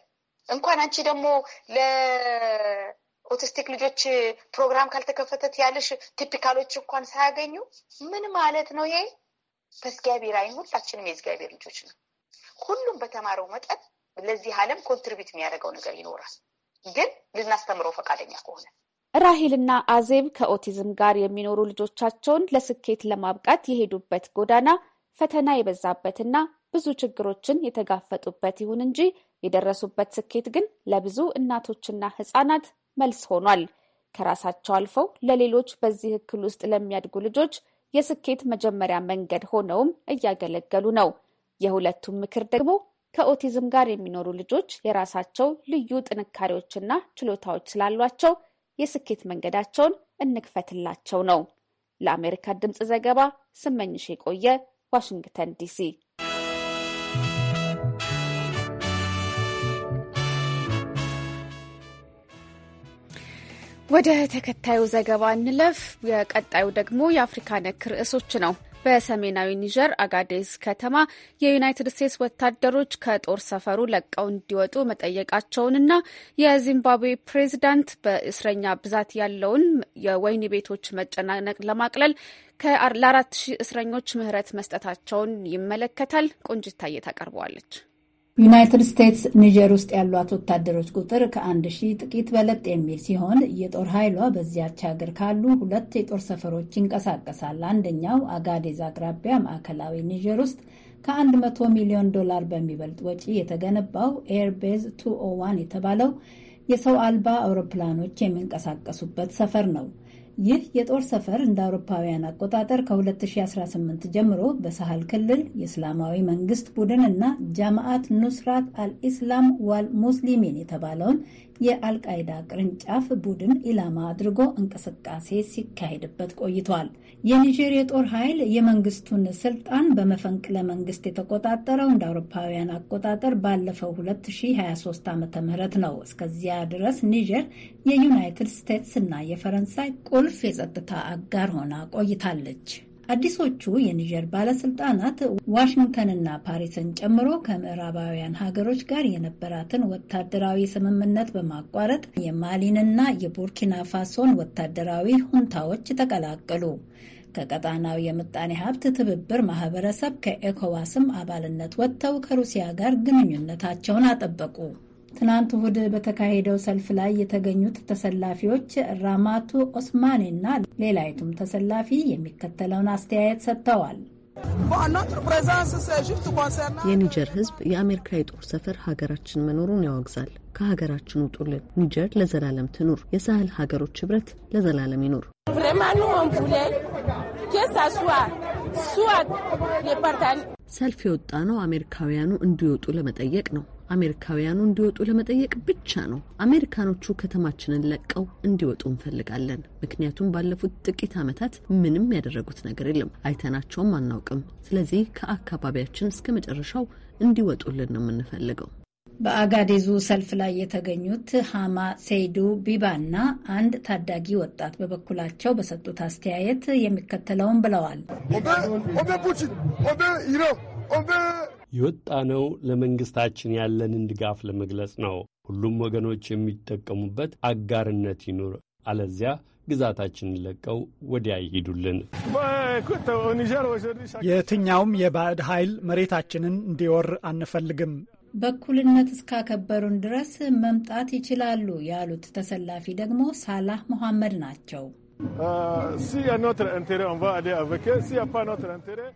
Speaker 14: እንኳን አንቺ ደግሞ ለኦቲስቲክ ልጆች ፕሮግራም ካልተከፈተት ያለሽ ቲፒካሎች እንኳን ሳያገኙ ምን ማለት ነው ይሄ? በእግዚአብሔር አይን ሁላችንም የእግዚአብሔር ልጆች ነው። ሁሉም በተማረው መጠን ለዚህ ዓለም ኮንትሪቢዩት የሚያደርገው ነገር ይኖራል። ግን ልናስተምረው ፈቃደኛ ከሆነ
Speaker 1: ራሂልና አዜብ ከኦቲዝም ጋር የሚኖሩ ልጆቻቸውን ለስኬት ለማብቃት የሄዱበት ጎዳና ፈተና የበዛበትና ብዙ ችግሮችን የተጋፈጡበት ይሁን እንጂ የደረሱበት ስኬት ግን ለብዙ እናቶችና ህጻናት መልስ ሆኗል። ከራሳቸው አልፈው ለሌሎች በዚህ እክል ውስጥ ለሚያድጉ ልጆች የስኬት መጀመሪያ መንገድ ሆነውም እያገለገሉ ነው። የሁለቱም ምክር ደግሞ ከኦቲዝም ጋር የሚኖሩ ልጆች የራሳቸው ልዩ ጥንካሬዎችና ችሎታዎች ስላሏቸው የስኬት መንገዳቸውን እንክፈትላቸው ነው። ለአሜሪካ ድምፅ ዘገባ ስመኝሽ የቆየ ዋሽንግተን ዲሲ። ወደ ተከታዩ ዘገባ እንለፍ። የቀጣዩ ደግሞ የአፍሪካ ነክ ርዕሶች ነው። በሰሜናዊ ኒጀር አጋዴዝ ከተማ የዩናይትድ ስቴትስ ወታደሮች ከጦር ሰፈሩ ለቀው እንዲወጡ መጠየቃቸውንና የዚምባብዌ ፕሬዚዳንት በእስረኛ ብዛት ያለውን የወህኒ ቤቶች መጨናነቅ ለማቅለል ለአራት ሺህ እስረኞች ምህረት መስጠታቸውን ይመለከታል። ቆንጅት ታየ ታቀርበዋለች።
Speaker 2: ዩናይትድ ስቴትስ ኒጀር ውስጥ ያሏት ወታደሮች ቁጥር ከአንድ ሺህ ጥቂት በለጥ የሚል ሲሆን የጦር ኃይሏ በዚያች ሀገር ካሉ ሁለት የጦር ሰፈሮች ይንቀሳቀሳል። አንደኛው አጋዴዝ አቅራቢያ ማዕከላዊ ኒጀር ውስጥ ከ100 ሚሊዮን ዶላር በሚበልጥ ወጪ የተገነባው ኤርቤዝ 201 የተባለው የሰው አልባ አውሮፕላኖች የሚንቀሳቀሱበት ሰፈር ነው። ይህ የጦር ሰፈር እንደ አውሮፓውያን አቆጣጠር ከ2018 ጀምሮ በሳህል ክልል የእስላማዊ መንግስት ቡድን እና ጃማአት ኑስራት አልኢስላም ዋል ሙስሊሚን የተባለውን የአልቃይዳ ቅርንጫፍ ቡድን ኢላማ አድርጎ እንቅስቃሴ ሲካሄድበት ቆይቷል። የኒጀር የጦር ኃይል የመንግስቱን ስልጣን በመፈንቅለ መንግስት የተቆጣጠረው እንደ አውሮፓውያን አቆጣጠር ባለፈው 2023 ዓ ም ነው። እስከዚያ ድረስ ኒጀር የዩናይትድ ስቴትስ እና የፈረንሳይ ቁልፍ የጸጥታ አጋር ሆና ቆይታለች። አዲሶቹ የኒጀር ባለስልጣናት ዋሽንግተንና ፓሪስን ጨምሮ ከምዕራባውያን ሀገሮች ጋር የነበራትን ወታደራዊ ስምምነት በማቋረጥ የማሊንና የቡርኪና ፋሶን ወታደራዊ ሁንታዎች ተቀላቀሉ። ከቀጣናው የምጣኔ ሀብት ትብብር ማህበረሰብ ከኤኮዋስም አባልነት ወጥተው ከሩሲያ ጋር ግንኙነታቸውን አጠበቁ። ትናንት እሁድ በተካሄደው ሰልፍ ላይ የተገኙት ተሰላፊዎች ራማቱ ኦስማኔ እና ሌላይቱም ተሰላፊ የሚከተለውን አስተያየት ሰጥተዋል። የኒጀር ሕዝብ የአሜሪካ የጦር ሰፈር ሀገራችን መኖሩን ያወግዛል። ከሀገራችን ውጡልን። ኒጀር ለዘላለም ትኑር። የሳህል ሀገሮች ህብረት ለዘላለም ይኑር። ሰልፍ የወጣ ነው አሜሪካውያኑ እንዲወጡ ለመጠየቅ ነው። አሜሪካውያኑ እንዲወጡ ለመጠየቅ ብቻ ነው። አሜሪካኖቹ ከተማችንን ለቀው እንዲወጡ እንፈልጋለን። ምክንያቱም ባለፉት ጥቂት ዓመታት ምንም ያደረጉት ነገር የለም፣ አይተናቸውም አናውቅም። ስለዚህ ከአካባቢያችን እስከ መጨረሻው እንዲወጡልን ነው የምንፈልገው። በአጋዴዙ ሰልፍ ላይ የተገኙት ሃማ ሴይዱ ቢባና አንድ ታዳጊ ወጣት በበኩላቸው በሰጡት አስተያየት የሚከተለውን ብለዋል።
Speaker 7: የወጣ ነው ለመንግስታችን ያለንን ድጋፍ ለመግለጽ ነው። ሁሉም ወገኖች የሚጠቀሙበት አጋርነት ይኑር፣ አለዚያ ግዛታችንን ለቀው ወዲያ ይሄዱልን።
Speaker 10: የትኛውም የባዕድ ኃይል መሬታችንን እንዲወር አንፈልግም።
Speaker 2: በኩልነት እስካከበሩን ድረስ መምጣት ይችላሉ ያሉት ተሰላፊ ደግሞ ሳላህ መሐመድ ናቸው።
Speaker 8: Uh,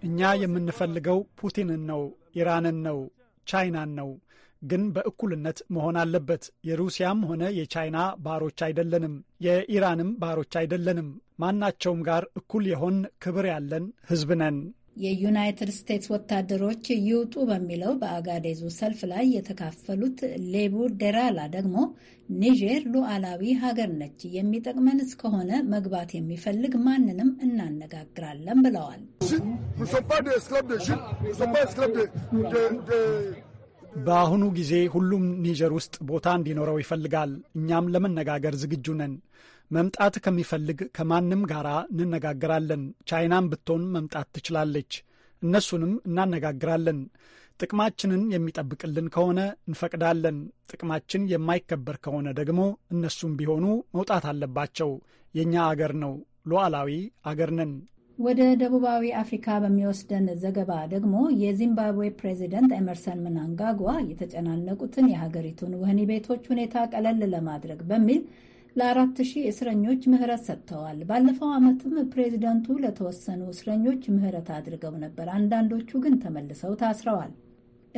Speaker 8: እኛ የምንፈልገው
Speaker 10: ፑቲንን ነው፣ ኢራንን ነው፣ ቻይናን ነው። ግን በእኩልነት መሆን አለበት። የሩሲያም ሆነ የቻይና ባሮች አይደለንም፣ የኢራንም ባሮች አይደለንም። ማናቸውም ጋር እኩል የሆን ክብር ያለን ህዝብ ነን።
Speaker 2: የዩናይትድ ስቴትስ ወታደሮች ይውጡ በሚለው በአጋዴዙ ሰልፍ ላይ የተካፈሉት ሌቡ ደራላ ደግሞ ኒጀር ሉዓላዊ ሀገር ነች፣ የሚጠቅመን እስከሆነ መግባት የሚፈልግ ማንንም እናነጋግራለን ብለዋል።
Speaker 10: በአሁኑ ጊዜ ሁሉም ኒጀር ውስጥ ቦታ እንዲኖረው ይፈልጋል። እኛም ለመነጋገር ዝግጁ ነን። መምጣት ከሚፈልግ ከማንም ጋር እንነጋገራለን። ቻይናም ብትሆን መምጣት ትችላለች። እነሱንም እናነጋግራለን። ጥቅማችንን የሚጠብቅልን ከሆነ እንፈቅዳለን። ጥቅማችን የማይከበር ከሆነ ደግሞ እነሱም ቢሆኑ መውጣት አለባቸው። የእኛ አገር ነው። ሉዓላዊ አገር ነን።
Speaker 2: ወደ ደቡባዊ አፍሪካ በሚወስደን ዘገባ ደግሞ የዚምባብዌ ፕሬዚደንት ኤመርሰን ምናንጋጓ የተጨናነቁትን የሀገሪቱን ወህኒ ቤቶች ሁኔታ ቀለል ለማድረግ በሚል ለአራት ሺህ እስረኞች ምህረት ሰጥተዋል። ባለፈው ዓመትም ፕሬዚደንቱ ለተወሰኑ እስረኞች ምህረት አድርገው ነበር። አንዳንዶቹ ግን ተመልሰው ታስረዋል።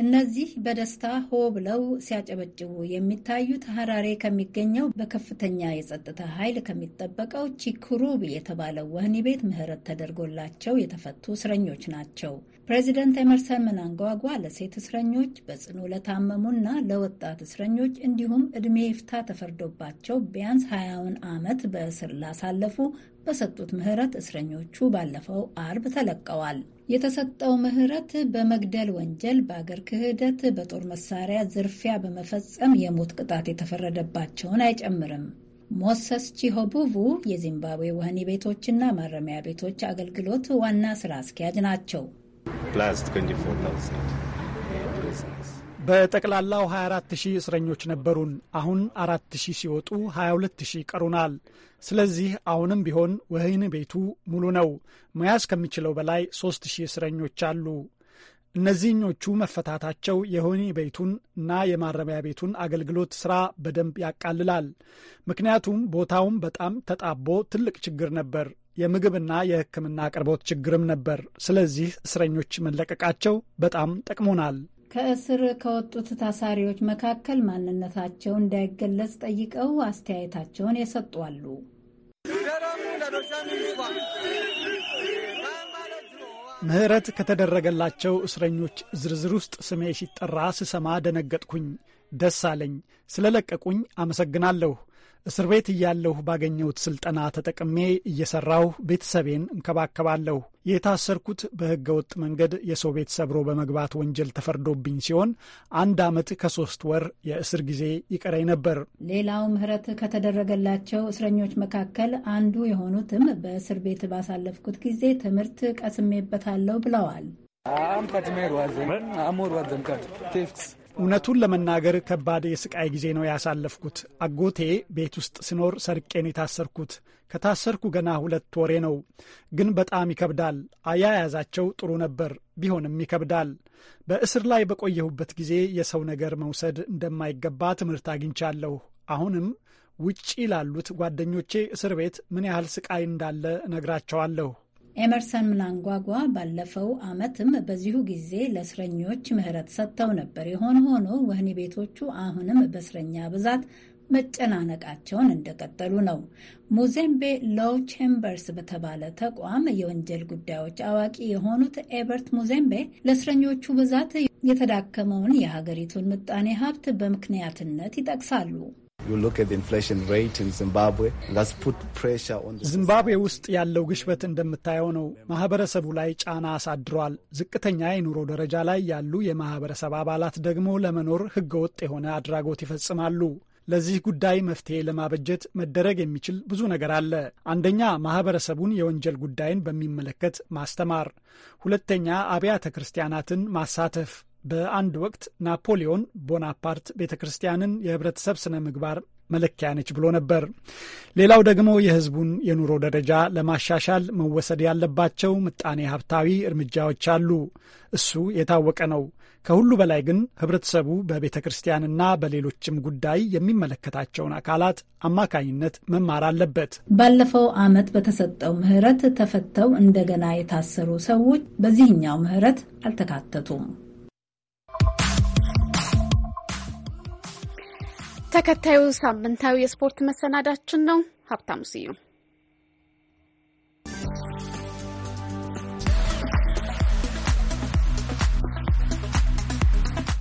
Speaker 2: እነዚህ በደስታ ሆ ብለው ሲያጨበጭቡ የሚታዩት ሀራሬ ከሚገኘው በከፍተኛ የጸጥታ ኃይል ከሚጠበቀው ቺክሩብ የተባለው ወህኒ ቤት ምህረት ተደርጎላቸው የተፈቱ እስረኞች ናቸው። ፕሬዚደንት ኤመርሰን ምናንጓጓ ለሴት እስረኞች፣ በጽኑ ለታመሙና ለወጣት እስረኞች እንዲሁም ዕድሜ ይፍታ ተፈርዶባቸው ቢያንስ ሀያውን ዓመት በእስር ላሳለፉ በሰጡት ምህረት እስረኞቹ ባለፈው አርብ ተለቀዋል። የተሰጠው ምህረት በመግደል ወንጀል፣ በአገር ክህደት፣ በጦር መሳሪያ ዝርፊያ በመፈጸም የሞት ቅጣት የተፈረደባቸውን አይጨምርም። ሞሰስ ቺሆቡቡ የዚምባብዌ ወህኒ ቤቶችና ማረሚያ ቤቶች አገልግሎት ዋና ስራ አስኪያጅ ናቸው።
Speaker 10: በጠቅላላው 24 ሺህ እስረኞች ነበሩን። አሁን 4 ሺህ ሲወጡ 22 ሺህ ይቀሩናል። ስለዚህ አሁንም ቢሆን ወህኒ ቤቱ ሙሉ ነው። መያዝ ከሚችለው በላይ 3 ሺህ እስረኞች አሉ። እነዚህኞቹ መፈታታቸው የወህኒ ቤቱን እና የማረሚያ ቤቱን አገልግሎት ስራ በደንብ ያቃልላል። ምክንያቱም ቦታውም በጣም ተጣቦ ትልቅ ችግር ነበር። የምግብና የሕክምና አቅርቦት ችግርም ነበር። ስለዚህ እስረኞች መለቀቃቸው በጣም ጠቅሞናል።
Speaker 2: ከእስር ከወጡት ታሳሪዎች መካከል ማንነታቸው እንዳይገለጽ ጠይቀው አስተያየታቸውን የሰጧሉ። ምህረት ከተደረገላቸው
Speaker 10: እስረኞች ዝርዝር ውስጥ ስሜ ሲጠራ ስሰማ ደነገጥኩኝ። ደስ አለኝ። ስለለቀቁኝ አመሰግናለሁ። እስር ቤት እያለሁ ባገኘሁት ስልጠና ተጠቅሜ እየሰራሁ ቤተሰቤን እንከባከባለሁ። የታሰርኩት በህገ ወጥ መንገድ የሰው ቤት ሰብሮ በመግባት ወንጀል ተፈርዶብኝ ሲሆን አንድ ዓመት ከሶስት ወር የእስር ጊዜ ይቀረኝ ነበር።
Speaker 2: ሌላው ምህረት ከተደረገላቸው እስረኞች መካከል አንዱ የሆኑትም በእስር ቤት ባሳለፍኩት ጊዜ ትምህርት ቀስሜበታለሁ ብለዋል።
Speaker 10: እውነቱን ለመናገር ከባድ የስቃይ ጊዜ ነው ያሳለፍኩት። አጎቴ ቤት ውስጥ ስኖር ሰርቄን የታሰርኩት። ከታሰርኩ ገና ሁለት ወሬ ነው። ግን በጣም ይከብዳል። አያያዛቸው ጥሩ ነበር፣ ቢሆንም ይከብዳል። በእስር ላይ በቆየሁበት ጊዜ የሰው ነገር መውሰድ እንደማይገባ ትምህርት አግኝቻለሁ። አሁንም ውጪ ላሉት ጓደኞቼ እስር ቤት ምን ያህል ስቃይ እንዳለ እነግራቸዋለሁ።
Speaker 2: ኤመርሰን ምናንጓጓ ባለፈው ዓመትም በዚሁ ጊዜ ለእስረኞች ምህረት ሰጥተው ነበር። የሆነ ሆኖ ወህኒ ቤቶቹ አሁንም በእስረኛ ብዛት መጨናነቃቸውን እንደቀጠሉ ነው። ሙዜምቤ ሎው ቼምበርስ በተባለ ተቋም የወንጀል ጉዳዮች አዋቂ የሆኑት ኤበርት ሙዜምቤ ለእስረኞቹ ብዛት የተዳከመውን የሀገሪቱን ምጣኔ ሀብት በምክንያትነት ይጠቅሳሉ።
Speaker 10: ዚምባብዌ ውስጥ ያለው ግሽበት እንደምታየው ነው። ማህበረሰቡ ላይ ጫና አሳድሯል። ዝቅተኛ የኑሮ ደረጃ ላይ ያሉ የማህበረሰብ አባላት ደግሞ ለመኖር ህገወጥ የሆነ አድራጎት ይፈጽማሉ። ለዚህ ጉዳይ መፍትሄ ለማበጀት መደረግ የሚችል ብዙ ነገር አለ። አንደኛ ማህበረሰቡን የወንጀል ጉዳይን በሚመለከት ማስተማር፣ ሁለተኛ አብያተ ክርስቲያናትን ማሳተፍ፣ በአንድ ወቅት ናፖሊዮን ቦናፓርት ቤተ ክርስቲያንን የህብረተሰብ ስነ ምግባር መለኪያ ነች ብሎ ነበር። ሌላው ደግሞ የህዝቡን የኑሮ ደረጃ ለማሻሻል መወሰድ ያለባቸው ምጣኔ ሀብታዊ እርምጃዎች አሉ። እሱ የታወቀ ነው። ከሁሉ በላይ ግን ህብረተሰቡ በቤተ ክርስቲያንና በሌሎችም ጉዳይ የሚመለከታቸውን አካላት አማካኝነት መማር አለበት።
Speaker 2: ባለፈው ዓመት በተሰጠው ምህረት ተፈተው እንደገና የታሰሩ ሰዎች በዚህኛው ምህረት አልተካተቱም።
Speaker 1: ተከታዩ ሳምንታዊ የስፖርት መሰናዳችን ነው። ሀብታሙ ስዩ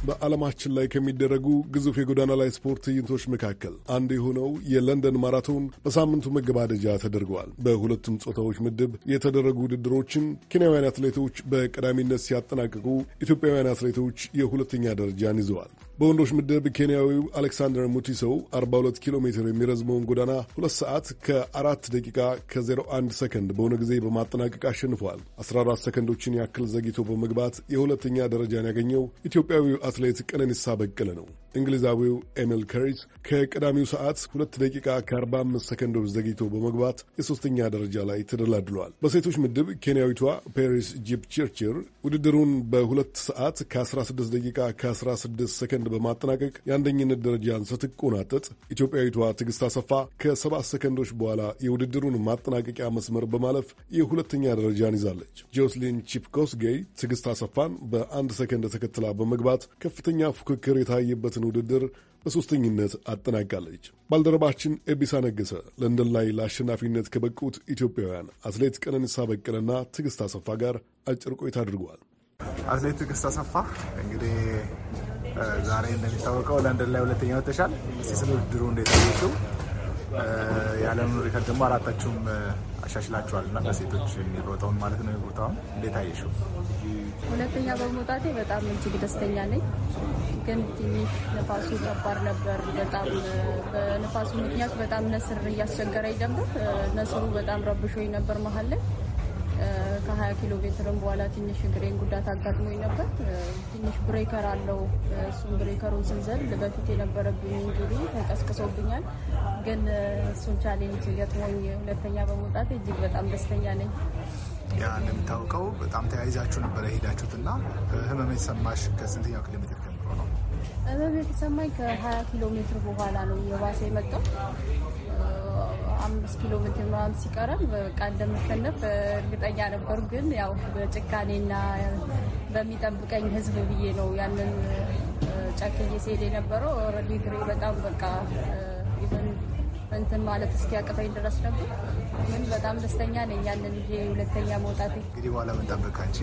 Speaker 8: በዓለማችን ላይ ከሚደረጉ ግዙፍ የጎዳና ላይ ስፖርት ትዕይንቶች መካከል አንዱ የሆነው የለንደን ማራቶን በሳምንቱ መገባደጃ ተደርገዋል። በሁለቱም ጾታዎች ምድብ የተደረጉ ውድድሮችን ኬንያውያን አትሌቶች በቀዳሚነት ሲያጠናቅቁ፣ ኢትዮጵያውያን አትሌቶች የሁለተኛ ደረጃን ይዘዋል። በወንዶች ምድብ ኬንያዊው አሌክሳንደር ሙቲሰው 42 ኪሎ ሜትር የሚረዝመውን ጎዳና 2 ሰዓት ከ4 ደቂቃ ከ01 ሰከንድ በሆነ ጊዜ በማጠናቀቅ አሸንፏል። 14 ሰከንዶችን ያክል ዘግይቶ በመግባት የሁለተኛ ደረጃን ያገኘው ኢትዮጵያዊው አትሌት ቀነኒሳ በቀለ ነው። እንግሊዛዊው ኤሚል ከሪስ ከቀዳሚው ሰዓት ሁለት ደቂቃ ከ45 ሰከንዶች ዘግይቶ በመግባት የሦስተኛ ደረጃ ላይ ተደላድሏል። በሴቶች ምድብ ኬንያዊቷ ፔሪስ ጂፕቺርቺር ውድድሩን በሁለት ሰዓት ከ16 ደቂቃ ከ16 ሰከንድ በማጠናቀቅ የአንደኝነት ደረጃን ስትቆናጠጥ፣ ኢትዮጵያዊቷ ትግስት አሰፋ ከሰባት ሰከንዶች በኋላ የውድድሩን ማጠናቀቂያ መስመር በማለፍ የሁለተኛ ደረጃን ይዛለች። ጆስሊን ቺፕኮስጌይ ትግስት አሰፋን በአንድ ሰከንድ ተከትላ በመግባት ከፍተኛ ፉክክር የታየበትን ያደረጋትን ውድድር በሦስተኝነት አጠናቃለች። ባልደረባችን ኤቢሳ ነገሰ ለንደን ላይ ለአሸናፊነት ከበቁት ኢትዮጵያውያን አትሌት ቀነኒሳ በቀለና ትግስት አሰፋ ጋር አጭር ቆይታ አድርጓል። አትሌት ትዕግስት አሰፋ እንግዲህ ዛሬ እንደሚታወቀው ለንደን ላይ ሁለተኛ ወጥተሻል። ውድድሩ እንዴት የዓለምን ሪከርድ ደግሞ አራታችሁም አሻሽላችኋል እና በሴቶች የሚሮጠውን ማለት ነው። የቦታውን እንዴት አየሽው? ሁለተኛ
Speaker 15: በመውጣቴ በጣም እጅግ ደስተኛ ነኝ። ግን ትንሽ ንፋሱ ከባድ ነበር። በጣም በንፋሱ ምክንያት በጣም ነስር እያስቸገረኝ ነበር። ነስሩ በጣም ረብሾኝ ነበር መሀል ላይ ከሀያ ኪሎ ሜትርም በኋላ ትንሽ እግሬን ጉዳት አጋጥሞኝ ነበር። ትንሽ ብሬከር አለው። እሱም ብሬከሩን ስንዘል በፊት የነበረብኝ እንግዲህ ተቀስቅሶብኛል። ግን እሱን ቻሌንጅ ገጥሞኝ ሁለተኛ በመውጣት እጅግ በጣም ደስተኛ ነኝ።
Speaker 9: ያ እንደምታውቀው በጣም ተያይዛችሁ ነበር የሄዳችሁት እና ህመም የተሰማሽ ከስንተኛው ኪሎ ሜትር ጀምሮ ነው?
Speaker 15: ህመም የተሰማኝ ከሀያ ኪሎ ሜትር በኋላ ነው የባሰ የመጣው። አምስት ኪሎ ሜትር ምናምን ሲቀረም በቃ እንደምሸነፍ እርግጠኛ ነበር። ግን ያው በጭካኔና በሚጠብቀኝ ህዝብ ብዬ ነው ያንን ጨክዬ ሲሄድ የነበረው ኦልሬዲ እግሬ በጣም በቃ እንትን ማለት እስኪያቅፈኝ ድረስ ነበር። ግን በጣም ደስተኛ ነኝ ያንን ልጄ ሁለተኛ መውጣት።
Speaker 4: እንግዲህ በኋላ መጠበቅ አንቺ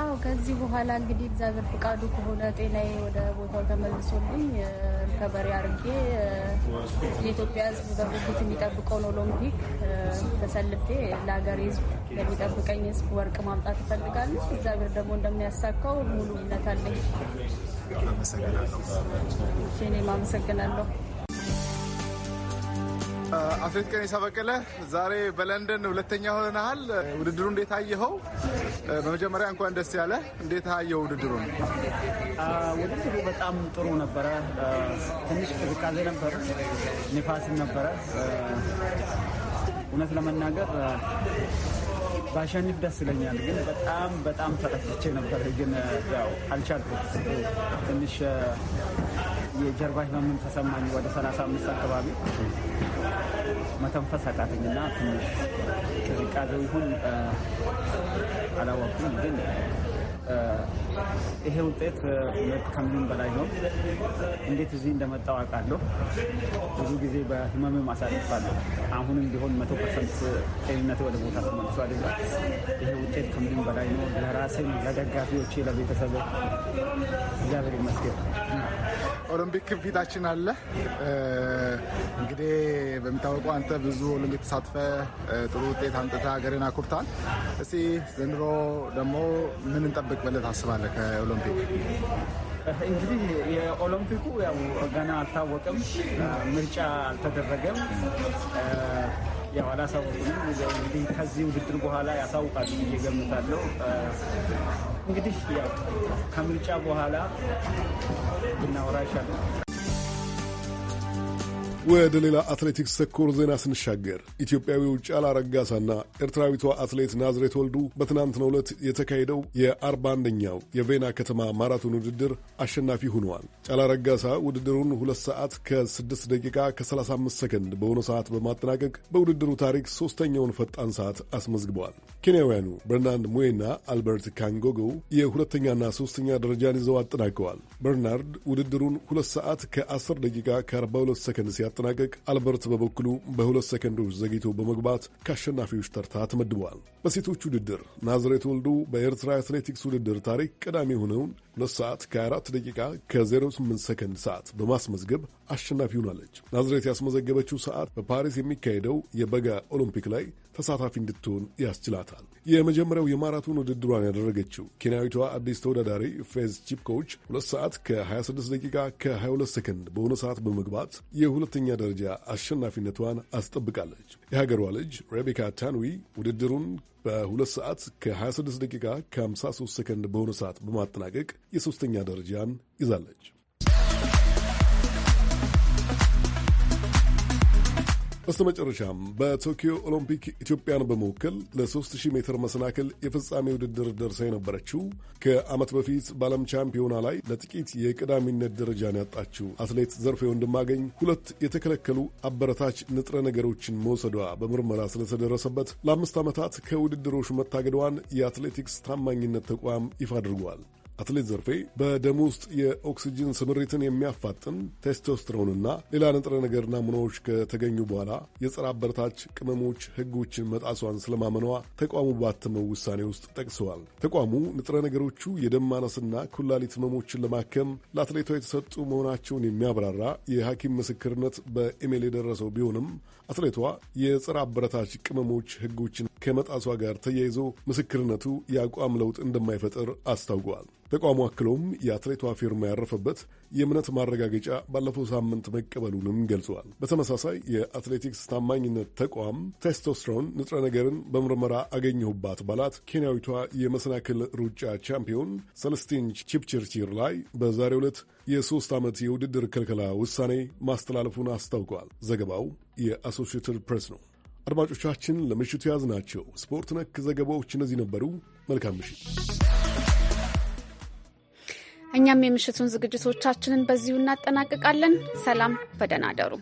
Speaker 15: አዎ ከዚህ በኋላ እንግዲህ እግዚአብሔር ፍቃዱ ከሆነ ጤናዬ ወደ ቦታው ተመልሶልኝ ከበሪ አድርጌ የኢትዮጵያ ሕዝብ በጉጉት የሚጠብቀው ነው። ኦሎምፒክ ተሰልፌ ለሀገር ሕዝብ ለሚጠብቀኝ ሕዝብ ወርቅ ማምጣት ይፈልጋሉ። እግዚአብሔር ደግሞ እንደሚያሳካው ሙሉ እምነት አለኝ። እኔም አመሰግናለሁ።
Speaker 8: አትሌት ቀኒሳ በቀለ ዛሬ በለንደን ሁለተኛ ሆነሃል። ውድድሩ እንዴት አየኸው? በመጀመሪያ እንኳን ደስ ያለ። እንዴት አየኸው ውድድሩን?
Speaker 10: ውድድሩ በጣም ጥሩ ነበረ። ትንሽ ቅዝቃዜ ነበረ፣ ንፋስም ነበረ። እውነት ለመናገር ባሸንፍ ደስ ይለኛል፣ ግን በጣም በጣም ተጠፍቼ ነበር። ግን ያው አልቻልኩም ትንሽ የጀርባ ህመምን ተሰማኝ። ወደ
Speaker 3: 35 አካባቢ መተንፈስ አቃተኝና ትንሽ
Speaker 10: ቅዝቃዜ ይሁን አላወቅኩም ግን ይሄ ውጤት ከምንም በላይ ነው። እንዴት እዚህ እንደመጣው አውቃለሁ። ብዙ ጊዜ በህመምም አሳልፋለሁ። አሁንም ቢሆን መቶ ፐርሰንት ጤንነቴ ወደ ቦታ ተመልሶ አይደለም። ይሄ ውጤት ከምንም በላይ ነው። ለራሴም፣ ለደጋፊዎቼ፣ ለቤተሰብ
Speaker 8: እግዚአብሔር ይመስገን። ኦሎምፒክ ፊታችን አለ። እንግዲህ በሚታወቁ አንተ ብዙ ኦሎምፒክ ተሳትፈ ጥሩ ውጤት አምጥተ ሀገርን አኩርታል። እስኪ ዘንድሮ ደግሞ ምን እንጠብቅ ብለህ ታስባለህ ከኦሎምፒክ? እንግዲህ የኦሎምፒኩ ያው ገና አልታወቀም፣
Speaker 10: ምርጫ አልተደረገም። ያው አላሳወቁንም። እንግዲህ
Speaker 6: ከዚህ ውድድር በኋላ ያሳውቃል ብዬ እንግዲህ ያው
Speaker 10: ከምርጫ በኋላ እናወራሻለን።
Speaker 8: ወደ ሌላ አትሌቲክስ ተኮር ዜና ስንሻገር ኢትዮጵያዊው ጫላ ረጋሳና ኤርትራዊቷ አትሌት ናዝሬት ወልዱ በትናንትናው ዕለት የተካሄደው የአርባ 41 የቬና ከተማ ማራቶን ውድድር አሸናፊ ሆነዋል። ጫላ ረጋሳ ውድድሩን ሁለት ሰዓት ከ6 ደቂቃ ከ35 ሰከንድ በሆነ ሰዓት በማጠናቀቅ በውድድሩ ታሪክ ሦስተኛውን ፈጣን ሰዓት አስመዝግበዋል። ኬንያውያኑ በርናርድ ሙዌና አልበርት ካንጎጎ የሁለተኛና ሦስተኛ ደረጃን ይዘው አጠናቀዋል። በርናርድ ውድድሩን 2 ሰዓት ከ10 ደቂቃ ከ42 ሰከንድ ሲያ ሲያጠናቀቅ አልበርት በበኩሉ በሁለት ሰከንዶች ዘግይቶ በመግባት ከአሸናፊዎች ተርታ ተመድበዋል። በሴቶች ውድድር ናዝሬት ወልዱ በኤርትራ አትሌቲክስ ውድድር ታሪክ ቀዳሚ የሆነውን ሁለት ሰዓት ከ4 ደቂቃ ከ08 ሰከንድ ሰዓት በማስመዝገብ አሸናፊ ሆናለች። ናዝሬት ያስመዘገበችው ሰዓት በፓሪስ የሚካሄደው የበጋ ኦሎምፒክ ላይ ተሳታፊ እንድትሆን ያስችላታል። የመጀመሪያው የማራቶን ውድድሯን ያደረገችው ኬንያዊቷ አዲስ ተወዳዳሪ ፌዝ ቺፕኮች ሁለት ሰዓት ከ26 ደቂቃ ከ22 ሰከንድ በሆነ ሰዓት በመግባት የሁለተኛ ደረጃ አሸናፊነቷን አስጠብቃለች። የሀገሯ ልጅ ሬቤካ ታንዊ ውድድሩን በ2 ሰዓት ከ26 ደቂቃ ከ53 ሰከንድ በሆነ ሰዓት በማጠናቀቅ የሦስተኛ ደረጃን ይዛለች። በስተ መጨረሻም በቶኪዮ ኦሎምፒክ ኢትዮጵያን በመወከል ለ3000 ሜትር መሰናክል የፍጻሜ ውድድር ደርሳ የነበረችው ከዓመት በፊት በዓለም ቻምፒዮና ላይ ለጥቂት የቀዳሚነት ደረጃን ያጣችው አትሌት ዘርፌ ወንድማገኝ ሁለት የተከለከሉ አበረታች ንጥረ ነገሮችን መውሰዷ በምርመራ ስለተደረሰበት ለአምስት ዓመታት ከውድድሮች መታገዷን የአትሌቲክስ ታማኝነት ተቋም ይፋ አድርጓል። አትሌት ዘርፌ በደም ውስጥ የኦክሲጅን ስምሪትን የሚያፋጥን ቴስቶስትሮንና ሌላ ንጥረ ነገር ናሙናዎች ከተገኙ በኋላ የጸረ አበረታች ቅመሞች ሕጎችን መጣሷን ስለማመኗ ተቋሙ ባተመው ውሳኔ ውስጥ ጠቅሰዋል። ተቋሙ ንጥረ ነገሮቹ የደም ማነስና ኩላሊት ህመሞችን ለማከም ለአትሌቷ የተሰጡ መሆናቸውን የሚያብራራ የሐኪም ምስክርነት በኢሜል የደረሰው ቢሆንም አትሌቷ የጸረ አበረታች ቅመሞች ሕጎችን ከመጣሷ ጋር ተያይዞ ምስክርነቱ የአቋም ለውጥ እንደማይፈጥር አስታውቋል። ተቋሙ አክሎም የአትሌቷ ፊርማ ያረፈበት የእምነት ማረጋገጫ ባለፈው ሳምንት መቀበሉንም ገልጸዋል። በተመሳሳይ የአትሌቲክስ ታማኝነት ተቋም ቴስቶስትሮን ንጥረ ነገርን በምርመራ አገኘሁባት ባላት ኬንያዊቷ የመሰናክል ሩጫ ቻምፒዮን ሰለስቲን ቺፕቸርቺር ላይ በዛሬው ዕለት የሶስት ዓመት የውድድር ክልከላ ውሳኔ ማስተላለፉን አስታውቀዋል። ዘገባው የአሶሺየትድ ፕሬስ ነው። አድማጮቻችን፣ ለምሽቱ ናቸው። ስፖርት ነክ ዘገባዎች እነዚህ ነበሩ። መልካም ምሽት።
Speaker 1: እኛም የምሽቱን ዝግጅቶቻችንን በዚሁ እናጠናቅቃለን። ሰላም፣ በደህና አደሩ።